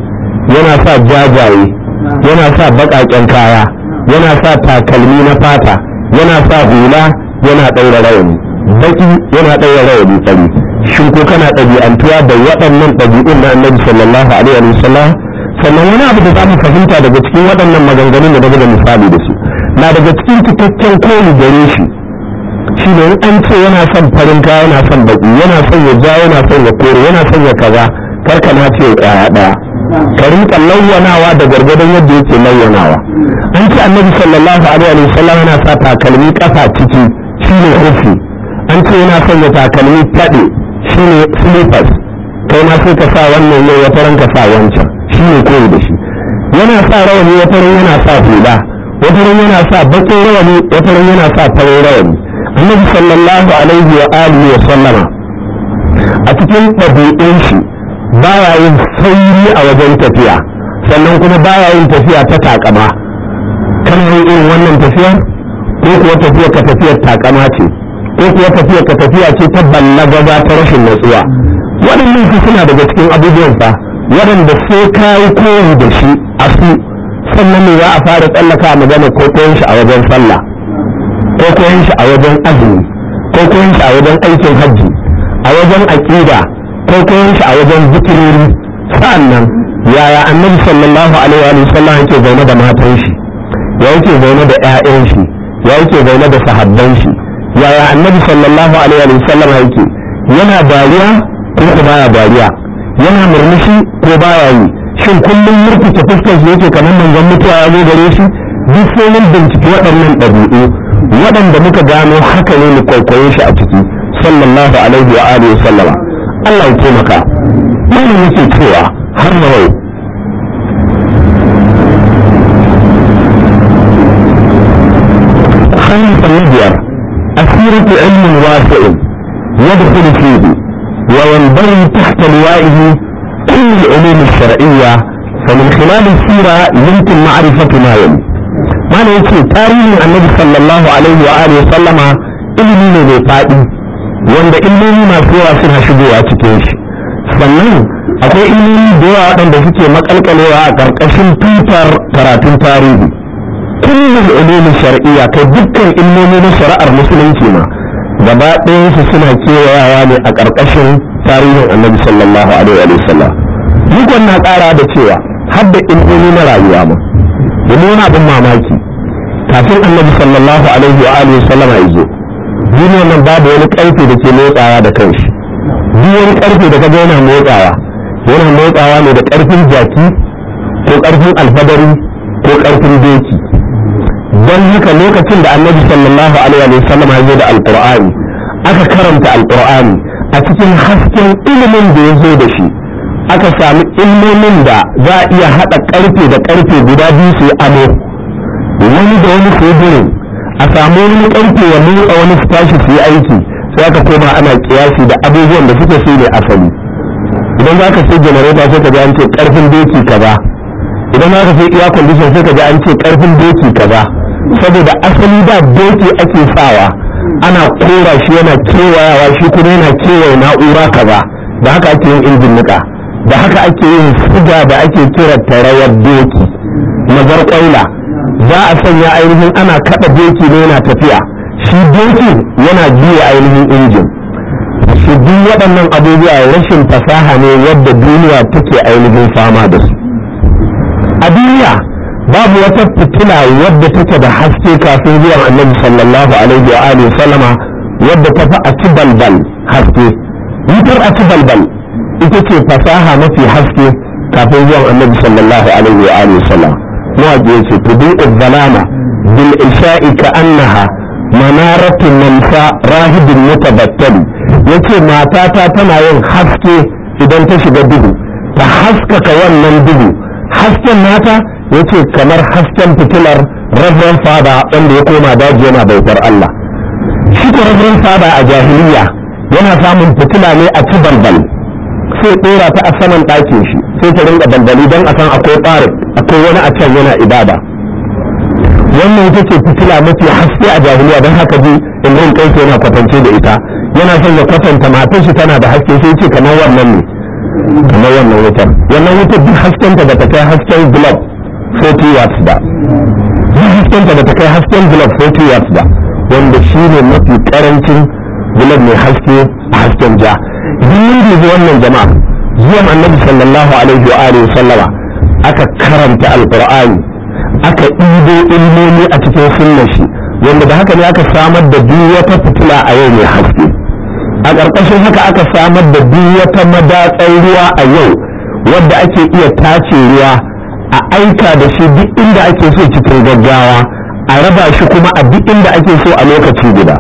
yana sa jajaye yana sa baƙaƙen kaya yana sa takalmi na fata yana sa hula yana ɗaura rawani baki yana ɗaura rawani tsari shin ko kana ɗabi'antuwa da waɗannan ɗabi'un na annabi sallallahu alaihi wa sallam sannan wani abu da za fahimta daga cikin waɗannan maganganun da daga misali da su na daga cikin cikakken koyi gare shi shi ne an ce yana son farin kaya yana son baki yana son ya ja yana son ya kore yana son ya kaza karka na ce kwaya ɗaya ka rinka wanawa da gargadon yadda yake layyanawa an ce annabi sallallahu alaihi wa sallam yana sa takalmi ƙasa ciki shi ne rufi an ce yana son ya takalmi faɗi shi ne slippers kai ma sai ka sa wannan yau wataran ka sa wancan shi ne koyi da shi yana sa rawani ya ran yana sa hula yana sa bakin rawani wata yana sa farin rawani annabi sallallahu alaihi wa alihi wa sallama a cikin ɗabi'un shi baya yin sauri a wajen tafiya sannan kuma baya yin tafiya ta takama kana yin irin wannan tafiyar ko kuwa tafiyar ka tafiyar takama ce ko kuwa tafiya ka tafiya ce ta balla gaba ta rashin natsuwa waɗannan su suna daga cikin abubuwan fa waɗanda sai ka yi koyi da shi a su sannan ne za a fara tsallaka a magana ko koyon shi a wajen sallah ko koyon shi a wajen azumi ko koyon shi a wajen aikin hajji a wajen aƙida ko koyon shi a wajen zikirori sa'annan yaya annabi sallallahu alaihi wa sallam yake zaune da matan shi ya yake zaune da 'ya'yan shi ya yake zaune da sahabban shi yaya annabi sallallahu alaihi wa sallam yake yana dariya ko baya dariya yana murmushi ko baya yi shin kullum murkuta fuskar shi yake kamar manzon mutuwa ya zo gare shi duk sai bincike waɗannan ɗabi'u waɗanda muka gano haka ne mu kwaikwaye shi a ciki sallallahu alaihi wa alihi wa sallama Allah ya taimaka mana yake cewa har na yau علم واسع يدخل فيه وينبغي تحت لوائه كل العلوم الشرعية فمن خلال السيرة يمكن معرفة ما يلي ما يمكن تاريخ النبي صلى الله عليه وآله وسلم ilimi ne mai faɗi wanda ilmomi masu yawa suna shigowa cikin shi sannan akwai ilimi da yawa waɗanda suke makalkalewa a ƙarƙashin tutar karatun tarihi kullum ilimin shar'iyya kai dukkan ilmomi na shari'ar musulunci ma gaba su suna kewayawa ne a ƙarƙashin tarihin annabi sallallahu alaihi wa sallam duk wannan ƙara da cewa har da ilimi na rayuwa ma domin wani abin mamaki kafin annabi sallallahu alaihi wa alihi ya zo duniyar nan babu wani ƙarfe da ke motsawa da kanshi duk wani ƙarfe da kaga yana motsawa yana motsawa ne da ƙarfin jaki ko ƙarfin alfadari ko ƙarfin doki don haka lokacin da annabi sallallahu alaihi wa sallam ya zo da alqur'ani aka karanta alqur'ani a cikin hasken ilimin da ya zo da shi aka samu ilmomin da za a iya haɗa ƙarfe da ƙarfe guda biyu su yi amo wani da wani su yi a samu wani ƙarfe ya motsa wani su tashi su yi aiki sai aka koma ana kiyasi da abubuwan da suke su ne asali idan za ka sai generator sai ka ji an ce ƙarfin doki kaza idan za ka sai iya condition sai ka ji an ce ƙarfin doki kaza saboda asali da doki ake sawa ana kora shi yana kewayawa shi kuma yana kewaye na'ura kaza da haka ake yin injin nika da haka ake yin siga da ake kira tarayar doki nazar kwaila za a sanya ainihin ana kaɗa doki ne yana tafiya shi doki yana biya ainihin injin su duk waɗannan abubuwa rashin fasaha ne yadda duniya take ainihin fama da su babu wata fitila wadda take da haske kafin zuwan annabi sallallahu alaihi wa alihi sallama wadda ta fi a ci balbal haske wutar a ci balbal ita ce fasaha mafi haske kafin zuwan annabi sallallahu alaihi wa alihi sallama mawaƙi yace tudu'u zalama bil isha'i ka annaha manaratun manfa rahibin mutabattali yace mata ta tana yin haske idan ta shiga duhu ta haskaka wannan duhu hasken mata ya ce kamar hasken fitilar rabban fada wanda ya koma daji yana bautar Allah shi ko rabban fada a jahiliya yana samun fitila ne a ci balbal sai ɗora ta a saman ɗakin shi sai ta ringa balbali don a san akwai ɓari akwai wani a can yana ibada wannan ita ce fitila mafi haske a jahiliya don haka ji imran kai yana kwatance da ita yana son ya kwatanta matan shi tana da haske sai ce kamar wannan ne na wannan wutar wannan wutar duk haskenta da ta kai hasken glob 40 yards ba duk haskenta da ta kai hasken glob 40 yards ba wanda shi ne mafi karancin glob mai haske a hasken ja duk da wannan jama'a zuwan annabi sallallahu alaihi wa alihi sallama aka karanta alqur'ani aka ido ilmomi a cikin sunnar shi wanda da haka ne aka samar da duk wata fitila a yau mai haske a ƙarƙashin haka aka samar da duk wata madatsar ruwa a yau wadda ake iya tace ruwa a aika da shi duk inda ake so cikin gaggawa a raba shi kuma a duk inda ake so a lokaci guda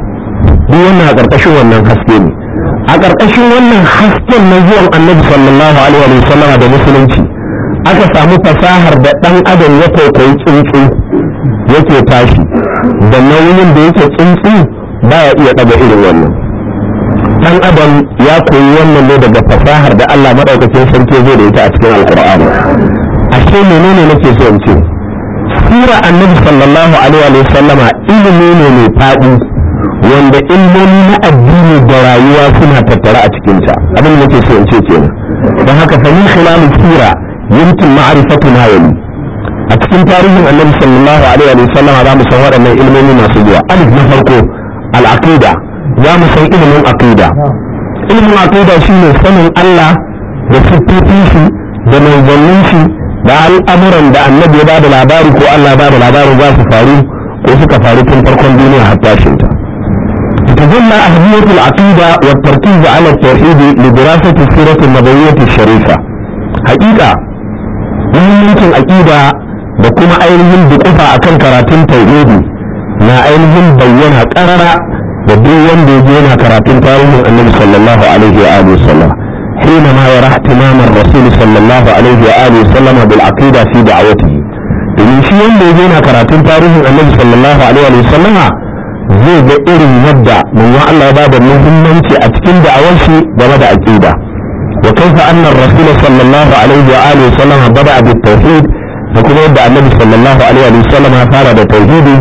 duk wannan a ƙarƙashin wannan haske ne a ƙarƙashin wannan hasken na zuwan annabi sallallahu alaihi wa sallama da musulunci aka samu fasahar da ɗan adam ya kwaikwayi tsuntsu yake tashi da nauyin da yake tsuntsu baya iya ɗaga irin wannan dan adam ya koyi wannan ne daga fasahar da Allah madaukakin sarki zai da ita a cikin alqur'ani ashe menene nake so in ce sura annabi sallallahu alaihi wa sallama ilimi ne mai fadi wanda ilmomi na addini da rayuwa suna tattara a cikin ta abin da nake so in ce kenan don haka fa min khilal sura yumkin ma'rifatu ma yali a cikin tarihin annabi sallallahu alaihi wa sallama za mu san waɗannan ilmomi masu zuwa alif na farko al-aqida za mu san ilimin aqida ilimin aqida shine sanin Allah da siffofin shi da manzannin shi da al'amuran da annabi ya bada labari ko Allah bada labarin za su faru ko suka faru tun farkon duniya har tashin ta تجمع أهمية العقيدة والتركيز على التوحيد لدراسة السيرة النبوية الشريفة حقيقة ممكن عقيدة بكما أيلهم بقفة أكن كراتين توحيدي na ainihin bayyana ƙarara da duk wanda ya je yana karatun tarihin annabi sallallahu alaihi wa alihi wasallam حينما يرى اهتمام الرسول صلى الله عليه وآله وسلم بالعقيدة في دعوته domin shi wanda ya na karatun tarihin annabi sallallahu alaihi wa sallam zai ga irin yadda manzon Allah ya bada muhimmanci a cikin da'awar shi game da aqida wa kaifa anna ar-rasul sallallahu alaihi wa alihi wa sallam bada bi tauhid da kuma yadda annabi sallallahu wa sallam fara da tauhidi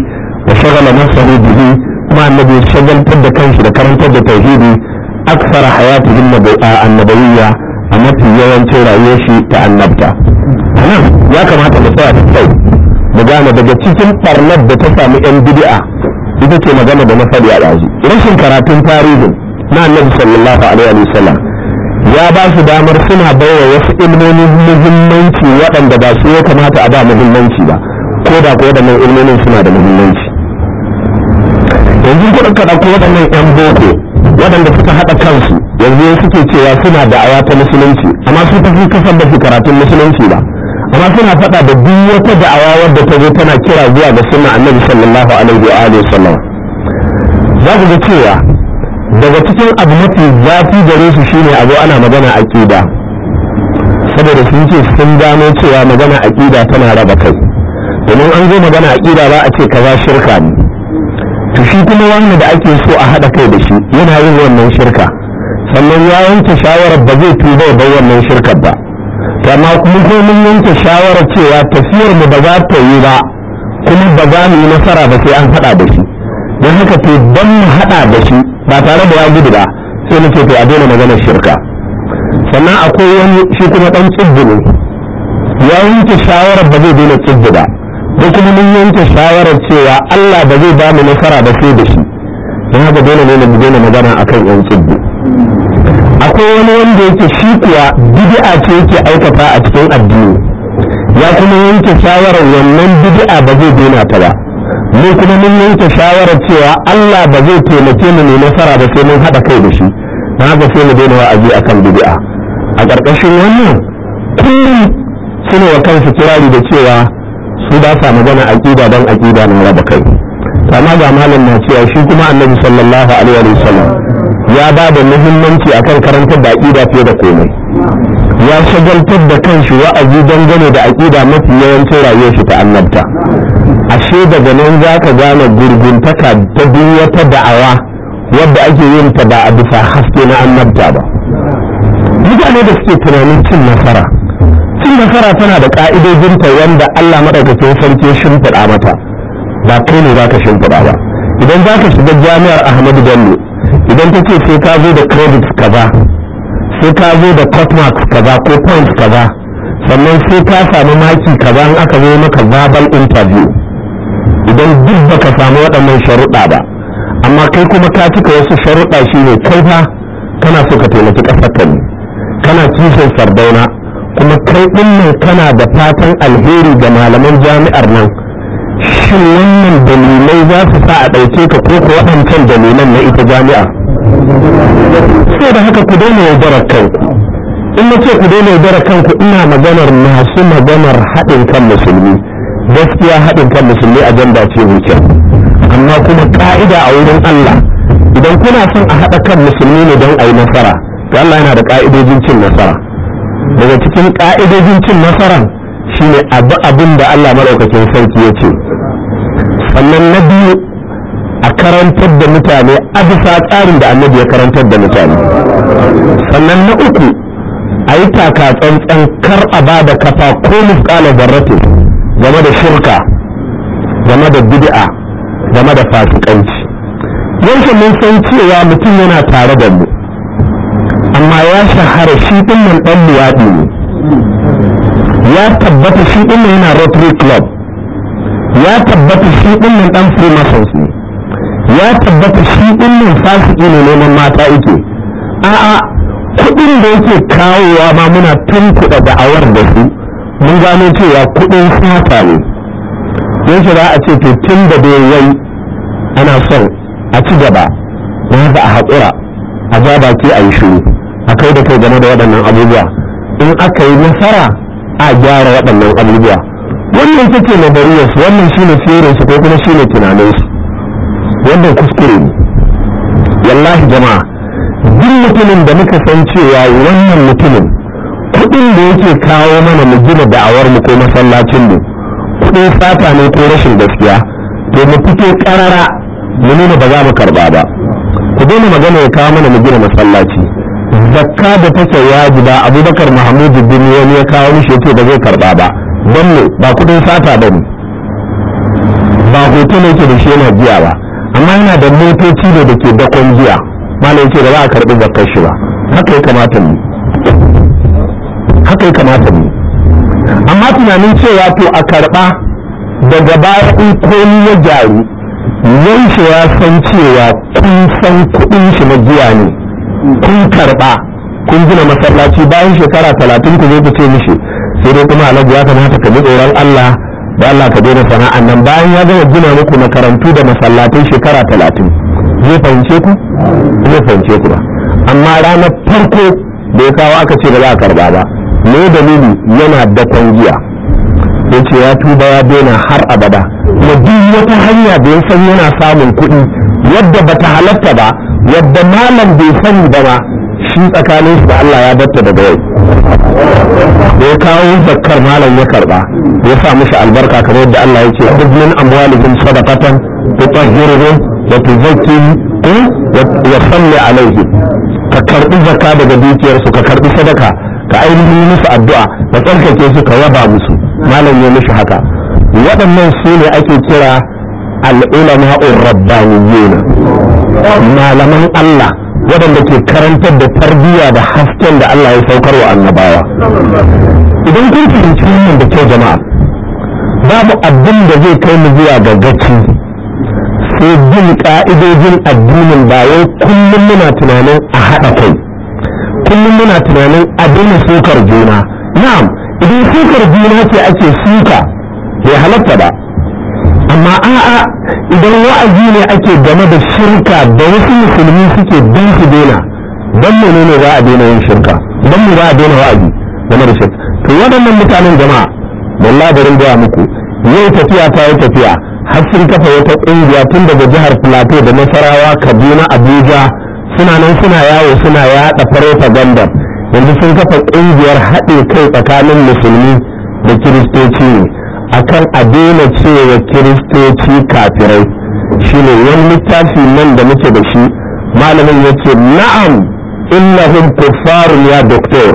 wa shagala nafsahu kuma annabi ya shagaltar da kanshi da karantar da tauhidi aksar hayatihin annabayya a mafi yawancin rayuwar shi ta annabta anan ya kamata mu tsaya da mu gane daga cikin barnar da ta samu yan bid'a ita ce magana da na faɗi a rashin karatun tarihi na annabi sallallahu alaihi wa sallam ya ba su damar suna baiwa wasu ilmomi muhimmanci waɗanda ba su ya kamata a ba muhimmanci ba ko da ko mai ilmomin suna da muhimmanci yanzu kuɗin ka ko waɗannan 'yan boko waɗanda suka haɗa kansu yanzu suke cewa suna da aya ta musulunci amma su ta fi kasar da su karatun musulunci ba amma suna faɗa da duk wata da'awa wadda ta zo tana kira zuwa ga sunna annabi sallallahu alaihi wa alihi sallam za ku ga cewa daga cikin abu mafi zafi gare su shine abu ana magana aqida saboda sun ce sun gano cewa magana aqida tana raba kai domin an zo magana aqida ba a ce kaza shirka ne shi kuma wanda da ake so a haɗa kai da shi yana yin wannan shirka sannan ya yanke shawarar ba zai tuba ya wannan shirka ba amma kuma ko mun yanke shawarar cewa tafiyar mu ba za ta yi ba kuma ba za mu yi nasara ba sai an haɗa da shi don haka to don mu haɗa da shi ba tare da ya gudu ba sai nake to a daina maganar shirka sannan akwai wani shi kuma ɗan tsibbi ne ya yanke shawarar ba zai daina tsibbi ba Da kuma mun yanke shawarar cewa Allah ba zai ba mu nasara ba sai da shi don haka dole ne mu gane magana akan yan tsibbi akwai wani wanda yake shi kuwa bid'a ce yake aikata a cikin addini ya kuma yanke shawarar wannan bid'a ba zai daina ta ba mu kuma mun yanke shawarar cewa Allah ba zai taimake mu ne nasara ba sai mun haɗa kai da shi don haka sai mu daina wa'azi akan bid'a a ƙarƙashin wannan kullum suna wa kansu kirari da cewa su ba sa magana aqida dan aqida na raba kai amma ga malam na cewa shi kuma annabi sallallahu alaihi sallam ya ba da muhimmanci akan karantar da aqida fiye da komai ya shagaltar da kanshi wa'azi dangane da aqida mafi yawancin rayuwar shi ta annabta ashe daga nan za ka gane gurguntaka ta duniya wata da'awa wadda ake yin ta ba a bisa haske na annabta ba mutane da suke tunanin cin nasara cikin nasara tana da ƙa'idojinta wanda Allah maɗaukakin sarki ya shimfiɗa mata ba kai ne za ka shimfiɗa ba idan za ka shiga jami'ar Ahmadu Bello idan ta ce sai ka zo da credit kaza sai ka zo da cut marks kaza ko points kaza sannan sai ka sami maki kaza in aka zo maka verbal interview idan duk baka samu waɗannan sharuɗa ba amma kai kuma ka cika wasu sharuɗa shi ne kai fa kana so ka taimaki ƙasar ka ne kana kishin sardauna kuma kai ɗin kana da fatan alheri ga malaman jami'ar nan shin wannan dalilai za su sa a ɗauke ka ko ko waɗancan dalilan na ita jami'a sai da haka ku daina yaudarar kanku in na ce ku daina yaudarar kanku ina maganar masu maganar haɗin kan musulmi gaskiya haɗin kan musulmi a jan dace kyau amma kuma ƙa'ida a wurin Allah idan kuna son a haɗa kan musulmi ne don a yi nasara to Allah yana da ƙa'idojin cin nasara daga cikin ƙa'idojin cin nasaran shine abu abin da Allah maɗaukakin sarki ya ce sannan na biyu a karantar da mutane a bisa tsarin da annabi ya karantar da mutane sannan na uku a yi taka tsantsan kar a ba da kafa ko misƙalar zarrate game da shirka game da bid'a game da fasikanci yanke mun san cewa mutum yana tare da mu amma ya shahara shi ɗin nan ɗan luwaɗi ne ya tabbata shi ɗin nan yana rotary club ya tabbata shi ɗin nan ɗan freemasons ne ya tabbata shi ɗin nan fasiki ne neman mata yake a'a kuɗin da yake kawowa ma muna tunkuɗa da'awar da su mun gano cewa kuɗin sata ne shi za a ce to tun da wai ana son a ci gaba wanda a haƙura a ja baki a yi shiru a kai da kai game da waɗannan abubuwa in aka yi nasara a gyara waɗannan abubuwa wannan ita ce nazariyarsu wannan shi ne su ko kuma shi ne tunaninsu wannan kuskure ne wallahi jama'a duk mutumin da muka san cewa wannan mutumin kuɗin da yake kawo mana mu gina da'awar mu ko masallacin mu kuɗin sata ne ko rashin gaskiya to mu fito karara mu nuna ba za mu karɓa ba ku daina magana ya kawo mana mu gina masallaci zakka da take wajiba abubakar mahmud bin wani ya kawo shi yake ba zai karba ba don ne ba kudin sata ba ne ba hoto ne yake da shi yana biya ba amma yana da motoci ne da ke dakon biya malam yake da ba a karbi zakkar shi ba haka ya kamata mu haka ya kamata mu amma tunanin cewa to a karba daga baya in komi ya gyaru yanshi ya san cewa kun san kudin shi na giya ne kun karba kun gina masallaci bayan shekara talatin ku zo ku ce mishi sai dai kuma alhaji ya kamata ka bi tsoron Allah da Allah ka daina sana'an nan bayan ya gama gina muku makarantu da masallatai shekara talatin zai fahimce ku zai fahimce ku ba amma ranar farko da ya kawo aka ce da za a karba ba me dalili yana da kwangiya ya ce ya tuba ya daina har abada kuma duk wata hanya da ya san yana samun kuɗi yadda bata halatta ba yadda malam bai sani ba ba shi tsakanin shi da Allah ya batta daga yau da ya kawo zakkar malam ya karba ya sa mishi albarka kamar yadda Allah ya ce ibnin amwalihim sadaqatan tutahhiruhum wa tuzakkihim hmm, wa salli alaihim ka karbi zakka daga dukiyarsu ka karbi sadaka ka ainihi musu addu'a ka tsarkake su ka raba musu malam ya mishi haka waɗannan su ne ake kira al'ulama'ur rabbaniyuna malaman Allah waɗanda ke karantar da tarbiyya da hasken da Allah ya saukar wa annabawa idan kun fahimci wannan da kyau jama'a babu abin da zai kai mu zuwa ga gaci sai bin ka'idojin addinin ba yau, kullum muna tunanin a haɗa kai kullum muna tunanin a daina sukar juna na'am idan sukar juna ce ake suka bai halatta ba amma a'a idan wa'azi ne ake game da shirka da wasu musulmi suke don su daina don menene za a daina yin shirka don mu za a daina wa'azi game da shirka to waɗannan mutanen jama'a wallahi bari gaya muku yau tafiya ta yi tafiya har sun kafa wata ƙungiya tun daga jihar plateau da nasarawa kaduna abuja suna nan suna yawo suna yaɗa farfaganda yanzu sun kafa ƙungiyar haɗe kai tsakanin musulmi da kiristoci ne akan a daina cewa kiristoci kafirai shine wani littafi nan da muke da shi malamin ya ce na'am innahum kuffarun ya doktor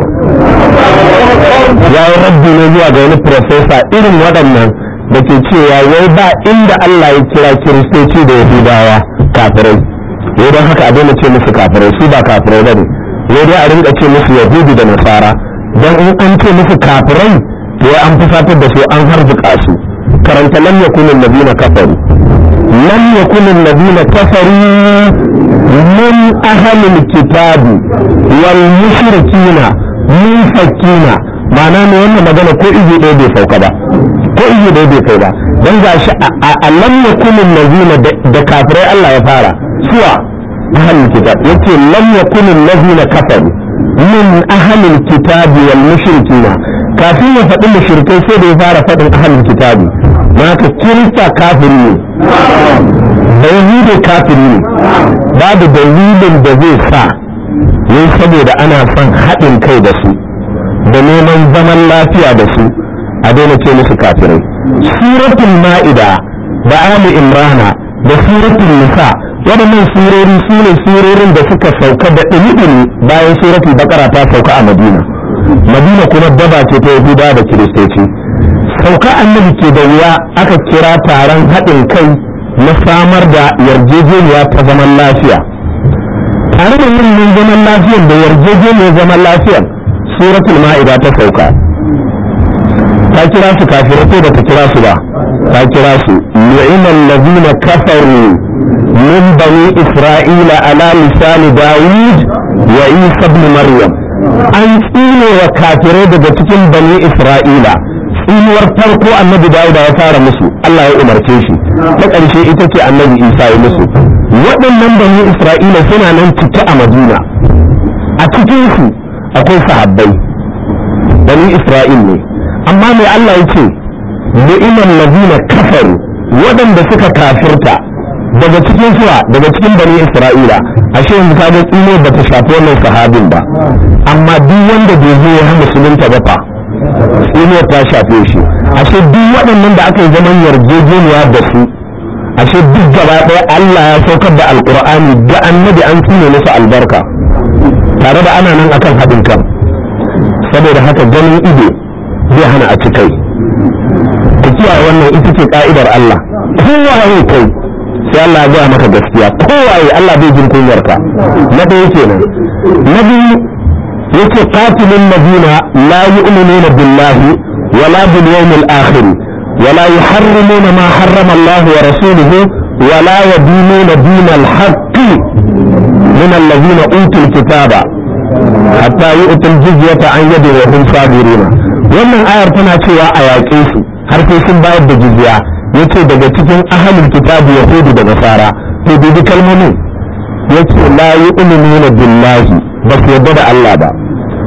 ya yi rabbi ne zuwa ga wani profesa irin waɗannan da ke cewa wai ba inda Allah ya kira kiristoci da yahudawa kafirai wai don haka a daina ce musu kafirai su ba kafirai ba ne wai dai a rinka ce musu yahudi da nasara don in an ce musu kafirai to ya an fusatar da su an harzuka su karanta lam yakun alladhina kafaru lam yakun alladhina kafaru min ahli alkitabi wal mushrikina munfakina ma'ana ne wannan magana ko izu dai bai sauka ba ko izu dai bai sauka ba dan gashi a lam yakun alladhina da kafirai Allah ya fara suwa ahlul kitab yace lam yakun alladhina kafaru min ahlul kitabi wal mushrikina kafin ya faɗi mushrikai sai da ya fara faɗin halin kitabi na ka kirista kafiri ne da kafiri ne babu dalilin da zai sa ne saboda ana son haɗin kai da su da neman zaman lafiya da su a daina ce musu kafirai suratul ma'ida da ali imrana da suratul nisa waɗannan surori su ne surorin da suka sauka da ɗin bayan suratul bakara ta sauka a madina madina kuma daba ce ta yahuda da kiristoci sauka annabi ke da wuya aka kira taron haɗin kai na samar da yarjejeniya ta zaman lafiya tare da yin zaman lafiyan da yarjejeniyar zaman lafiyan suratul ma'ida ta sauka ta kira su kafirai ko ta kira su ba ta kira su Lu'u-na-na lazina kafaru min bani isra'ila ala misali dawud wa isa ibn maryam an tsine wa kafirai daga cikin bani isra'ila tsinuwar farko annabi dawuda ya fara musu allah ya umarce shi ta ƙarshe ita ce annabi isa ya musu waɗannan bani isra'ila suna nan cike a madina a cikin su akwai sahabbai bani isra'il ne amma mai allah ya ce mu'imman maduna kafaru waɗanda suka kafirta daga cikin suwa daga cikin bani isra'ila ashe yanzu kaga tsino ba ta shafi wannan sahabin ba amma duk wanda bai zo ya musulunta ba fa tsino ta shafe shi ashe duk waɗannan da aka yi zaman yarjejeniya da su ashe duk gaba ɗaya Allah ya saukar da alƙur'ani ga annabi an tsine musu albarka tare da ana nan akan haɗin kan saboda haka ganin ido zai hana a cikai ku kiyaye wannan ita ce ka'idar Allah kowa ya kai sai Allah ya gaya maka gaskiya ko waye Allah zai jin kunyar ka na dai kenan na biyu yace qatilun nabina la yu'minuna billahi wa la bil yawmil akhir wa la yuharrimuna ma harrama Allah wa rasuluhu wa la yadinuna din al haqq min alladhina utul kitaba hatta yu'til jizyata an yadi wa hum sabirun wannan ayar tana cewa a yaƙe su har sai sun bayar da jizya yace daga cikin ahalin kitabu yahudu da nasara to dubi kalmomin yace la yu'minuna billahi ba su yarda da Allah ba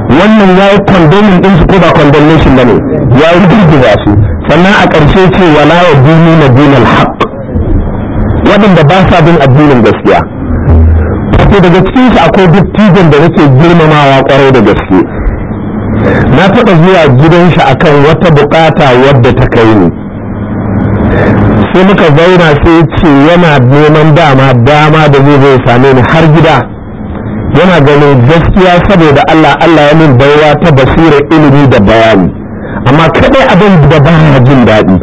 wannan ya yi din su ko ba condemnation bane ya yi girgiza su sannan a ƙarshe ce wala na dinin haqq waɗanda ba sa bin addinin gaskiya to daga cikin su akwai tijin da nake girmamawa kwarai da gaske na taɓa zuwa gidan shi akan wata buƙata wadda ta kai ni sai muka zauna sai ce yana neman dama dama da zai zai same ni har gida yana ganin gaskiya saboda Allah Allah ya min baiwa ta basirar ilimi da bayani amma kadai abin da ba na jin daɗi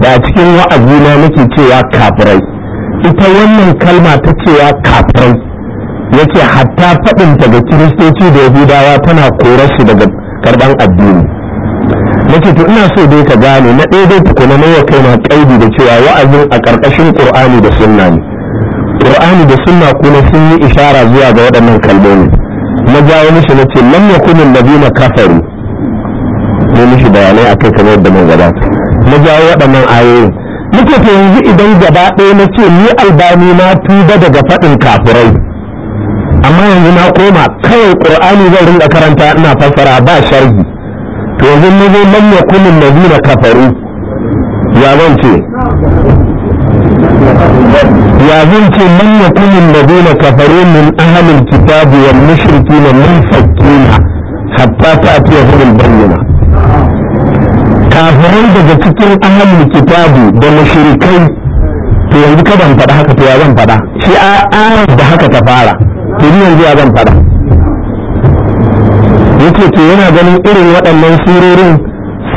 da cikin wa'azi na nake cewa kafirai ita wannan kalma ta cewa kafirai yace hatta faɗinta ga kiristoci da yahudawa tana korar shi daga karban addini nace to ina so dai ka gane na ɗaya dai tukuna na yau kai ma kaidi da cewa wa'azin a ƙarƙashin qur'ani da sunna ne qur'ani da sunna kuma sun yi ishara zuwa ga waɗannan kalmomi na jawo mishi na ce lamma yakunu allazina kafaru ne mishi bayanai kai kamar yadda mun gabata na jawo waɗannan ayoyin muke to yanzu idan gaba ɗaya na ce ni albani na tuba daga faɗin kafirai amma yanzu na koma kawai qur'ani zan rinka karanta ina fassara ba sharhi to yanzu mu zo man yakun allazina kafaru ya zan ce ya zan ce man yakun allazina kafaru min ahlil kitabi wal mushrikin munfakina hatta ta'tiyahum al-bayyina kafirai daga cikin ahlul kitabi da mushrikai to yanzu ka ban faɗa haka to ya zan faɗa shi a da haka ta fara to yanzu ya zan faɗa yake ke yana ganin irin waɗannan surorin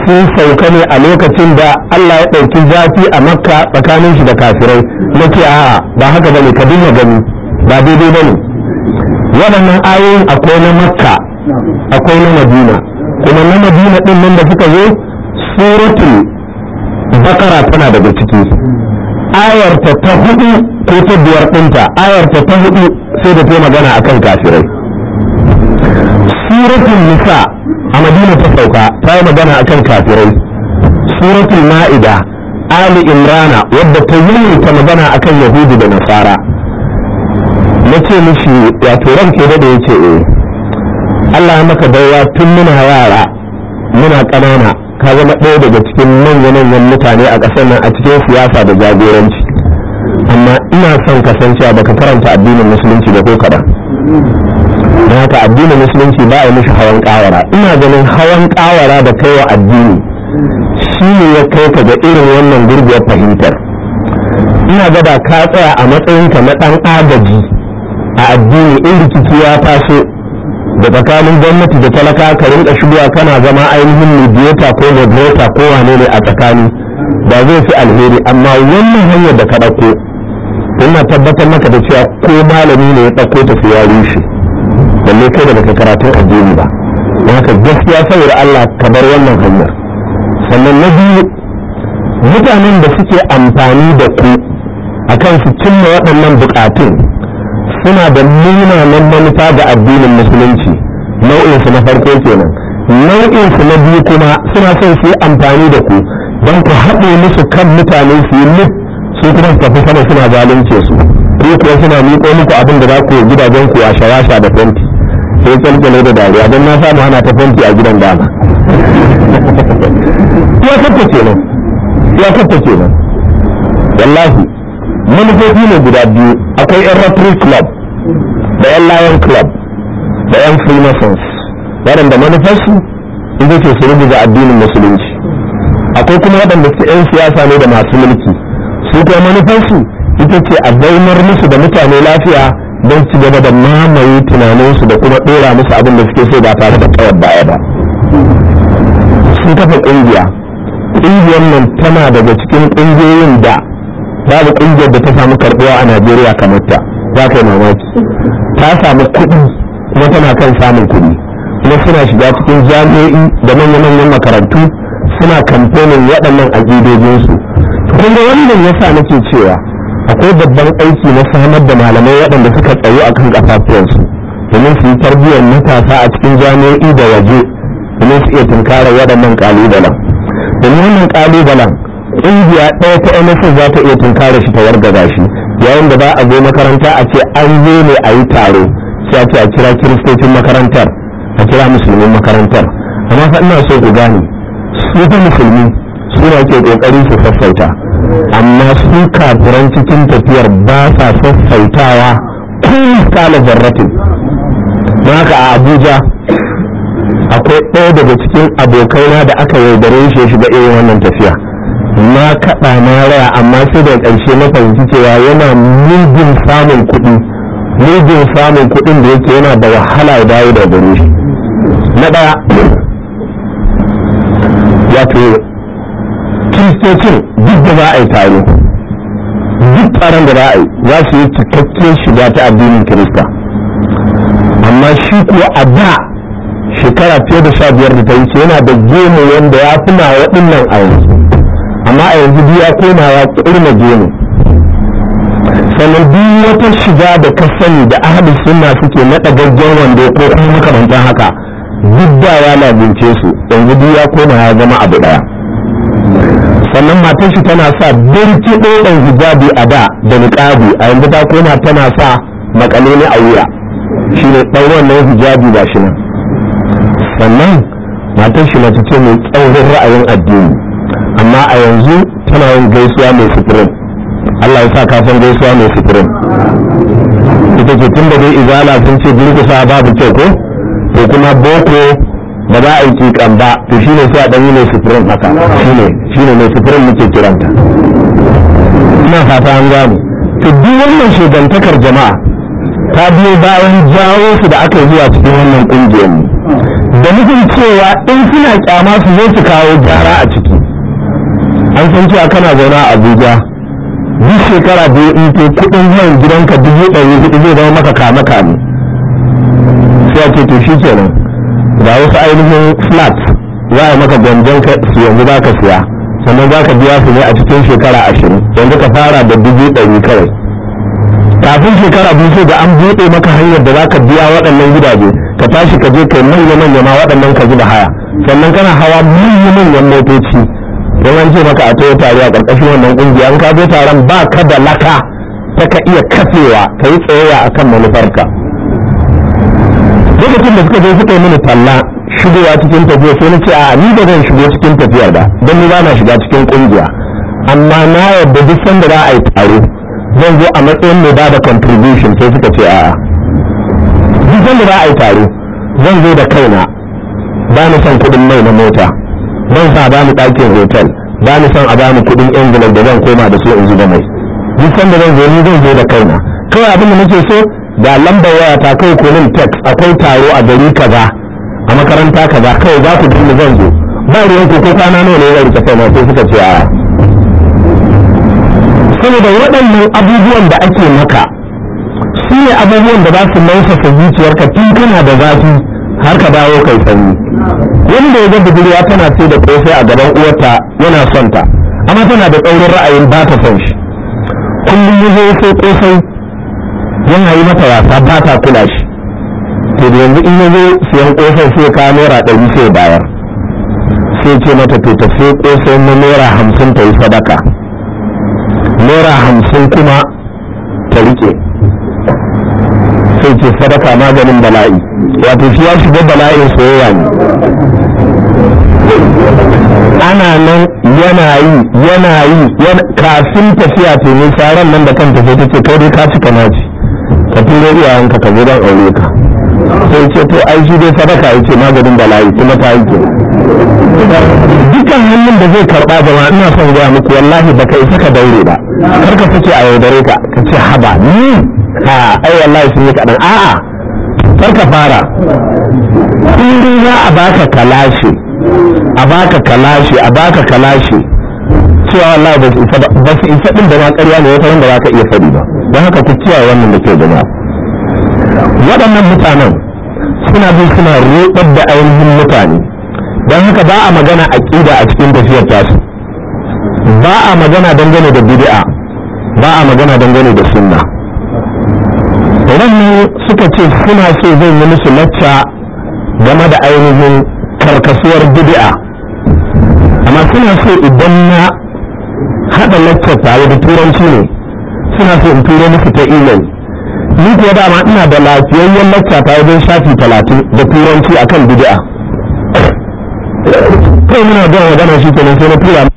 sun sauka ne a lokacin da Allah ya ɗauki zafi a makka tsakanin shi da kafirai ke a'a ba haka bane ka dinga gani ba daidai bane waɗannan ayoyin akwai na makka akwai na madina kuma na madina ɗin nan da suka zo suratul bakara tana daga ciki ayarta ta hudu ko ta biyar ɗinta ayarta ta hudu sai da ta magana akan kafirai suratul nisa a madina ta sauka ta yi magana akan kafirai suratul ma'ida ali imrana wadda ta yi ta magana akan yahudu da nasara na ce mishi 'Ya turan ke da ya ce eh Allah ya maka dawa tun muna yara muna ƙanana ka zama ɗaya daga cikin manya-manyan mutane a ƙasar nan a cikin siyasa da jagoranci amma ina son kasancewa baka karanta addinin musulunci da ko kaɗan da haka addinin musulunci ba a mishi hawan kawara ina ganin hawan kawara da kai wa addini shi ne ya kai ka ga irin wannan gurguwar fahimtar ina gada ka tsaya a matsayinka na dan agaji a addini in rikici ya taso da tsakanin gwamnati da talaka ka rinka shigowa kana zama ainihin mediator ko moderator ko wane ne a tsakani ba zai fi alheri amma wannan hanyar da ka ɗauko ina tabbatar maka da cewa ko malami ne ya ɗauko ta ya rushe balle kai da baka karatun addini ba don haka gaskiya saboda Allah ka bar wannan hanyar sannan na biyu mutanen da suke amfani da ku akan su cimma waɗannan bukatun suna da munanan manufa da addinin musulunci nau'insu na farko kenan nau'insu na biyu kuma suna son su yi amfani da ku don ku haɗe musu kan mutane su yi mu su kuma su tafi sama suna zalunce su ko kuwa suna miƙo muku abin da za ku gidajen ku a shawasha da fenti sai kyalkyale da dariya don na samu ana ta fanti a gidan dama ya ce nan ya ce nan wallahi manufofi ne guda biyu akwai yan rotary club da yan lion club da yan freemasons waɗanda manufarsu ita ce su ga addinin musulunci akwai kuma waɗanda su 'yan siyasa ne da masu mulki su kuma manufarsu ita ce a zaunar musu da mutane lafiya don ci gaba da mamaye tunaninsu da kuma ɗora musu abin da suke so ba tare da ƙawar baya ba sun kafa ƙungiya ƙungiyar nan tana daga cikin ƙungiyoyin da babu ƙungiyar da ta samu karɓuwa a najeriya kamar ta za ka yi mamaki ta samu kuɗi kuma tana kan samun kuɗi kuma suna shiga cikin jami'o'i da manya-manyan makarantu suna kamfanin waɗannan aƙidojinsu kun ga wannan sa nake cewa akwai babban aiki na samar da malamai waɗanda suka tsayu a kan ƙafafuwansu domin su yi tarbiyyar matasa a cikin jami'o'i da waje domin su iya tunkara waɗannan ƙalubalen domin wannan ƙalubalen ƙungiya ɗaya ta nsa za ta iya tunkara shi ta wargaza shi yayin da za a zo makaranta a ce an zo ne a yi taro sai a ce a kira kiristocin makarantar a kira musulmin makarantar amma fa ina so ku gane su fa musulmi su na ke ƙoƙari su sassauta amma su kafiran cikin tafiyar ba sa sassautawa kun kala jarratin don haka a abuja akwai ɗaya daga cikin abokaina da aka yaudare shi ya shiga irin wannan tafiya na kaɗa na raya amma sai da ƙarshe na fahimci cewa yana mugun samun kuɗi mugun samun kuɗin da yake yana da wahala ya dawo da gare na ɗaya wato kiristocin duk da za a yi tare duk taron da za a yi za su yi cikakken shiga ta addinin kirista amma shi kuwa a da shekara fiye da sha biyar da ta wuce yana da gemu wanda ya fi na waɗannan a yanzu amma a yanzu biya koma ya irin gemu sannan duk wata shiga da kasani da ahadin suna suke naɗa gaggen wando ko kuma makamantan haka duk da ya labince su yanzu duk ya koma ya zama abu ɗaya sannan matan shi tana sa birki ɗan hijabi a da da niƙabi a yanzu ta koma tana sa makalini a wuya shi ne ɗan wannan hijabi ba shi nan sannan matan shi mace ce mai tsaurin ra'ayin addini amma a yanzu tana yin gaisuwa mai sufurin Allah ya sa ka san gaisuwa mai sufurin ita ce tun da dai izala sun ce durkusa babu kyau ko to kuma boko ba za a yi kikan ba to shi ne sai a ɗanyi mai sufurin haka shi ne mai sufurin muke kiranta ina fata an gano to duk wannan shugantakar jama'a ta biyo bayan jawo su da aka zuwa cikin wannan ƙungiyar da nufin cewa in suna kyama su zo su kawo gyara a ciki an san cewa kana zaune a abuja duk shekara biyu in ke kuɗin zuwan gidanka dubu ɗari hudu zai zama maka kame kame sai a ce to shi kenan ga wasu ainihin flat za a maka ka su yanzu za ka siya sannan za ka biya su ne a cikin shekara ashirin yanzu ka fara da dubu ɗari kawai kafin shekara biyu sai da an buɗe maka hanyar da za ka biya waɗannan gidaje ka tashi ka je ka yi manya manya ma waɗannan ka zuba haya sannan kana hawa manya manyan motoci don an ce maka a toyota tare a ƙarƙashin wannan ƙungiya an ka zo taron ba ka da laka ta ka iya katsewa ka yi tsayayya a kan manufarka lokacin da suka zo suka yi mini talla shigowa cikin tafiya sai na ce a ni ba zan shigo cikin tafiyar ba don ni ba na shiga cikin ƙungiya amma na yarda duk sanda za a yi taro zan zo a matsayin mai ba da contribution sai suka ce a'a zan da ba a yi tare zan zo da kaina ba ni son kuɗin mai na mota zan sa ba ni ɗakin hotel ba ni son a ba ni kuɗin envelope da zan koma da su in zuba mai zan da zan zo ni zan zo da kaina kawai abin da nake so ga lambar waya ta kai kunin text akwai taro a gari kaza a makaranta kaza kawai za ku dinga zan zo ba ruwan ko kwana nawa ne ya rike sai suka ce a'a da waɗannan abubuwan da ake maka su ne abubuwan da za su lausasa zuciyarka tun kana da zafi har ka dawo kai sanyi wani da ya ga budurwa tana ce da kofi a gaban uwarta yana son ta amma tana da tsaurin ra'ayin ba ta son shi kullum ya zo sai kofai yana yi mata wasa ba ta kula shi to da yanzu in ya zo siyan kofai sai ka naira ɗari sai bayar sai ce mata to ta sai na naira hamsin ta yi sadaka naira hamsin kuma ta rike sai ce sadaka maganin bala'i wato shi ya shiga bala'in soyayya ne ana nan yana yi yana yi kafin tafiya ce ne tsaron nan da kan tafiya ta ce kai dai ka cika naci ka turo iyayenka ka zo don aure ka sai ce to ai shi dai sadaka ya ce maganin bala'i kuma ta yi dukkan hannun da zai karɓa jama'a ina son gaya muku wallahi baka isa ka daure ba kar ka fice a yaudare ka ka ce haba ni ka ai wallahi sun yi kaɗan a'a kar ka fara in za a baka kalashi a baka kalashi a baka kalashi cewa wallahi ba su isa ba su isa din da ma ƙarya ne wata wanda ba ka iya faɗi ba don haka ku cewa wannan da ke gaba waɗannan mutanen suna bin suna roƙar da ainihin mutane don haka ba a magana aƙida a cikin tafiyar tasu ba a magana dangane da bid'a ba a magana dangane da sunna wannan suka ce suna so zan yi musu lacca game da ainihin karkasuwar bid'a amma suna so idan na haɗa lacca tare da turanci ne suna so in turo musu ta imel ni kuwa dama ina da lafiyayyen lacca ta wajen shafi talatin da turanci akan bid'a kai muna zuwa magana shi kenan sai na tura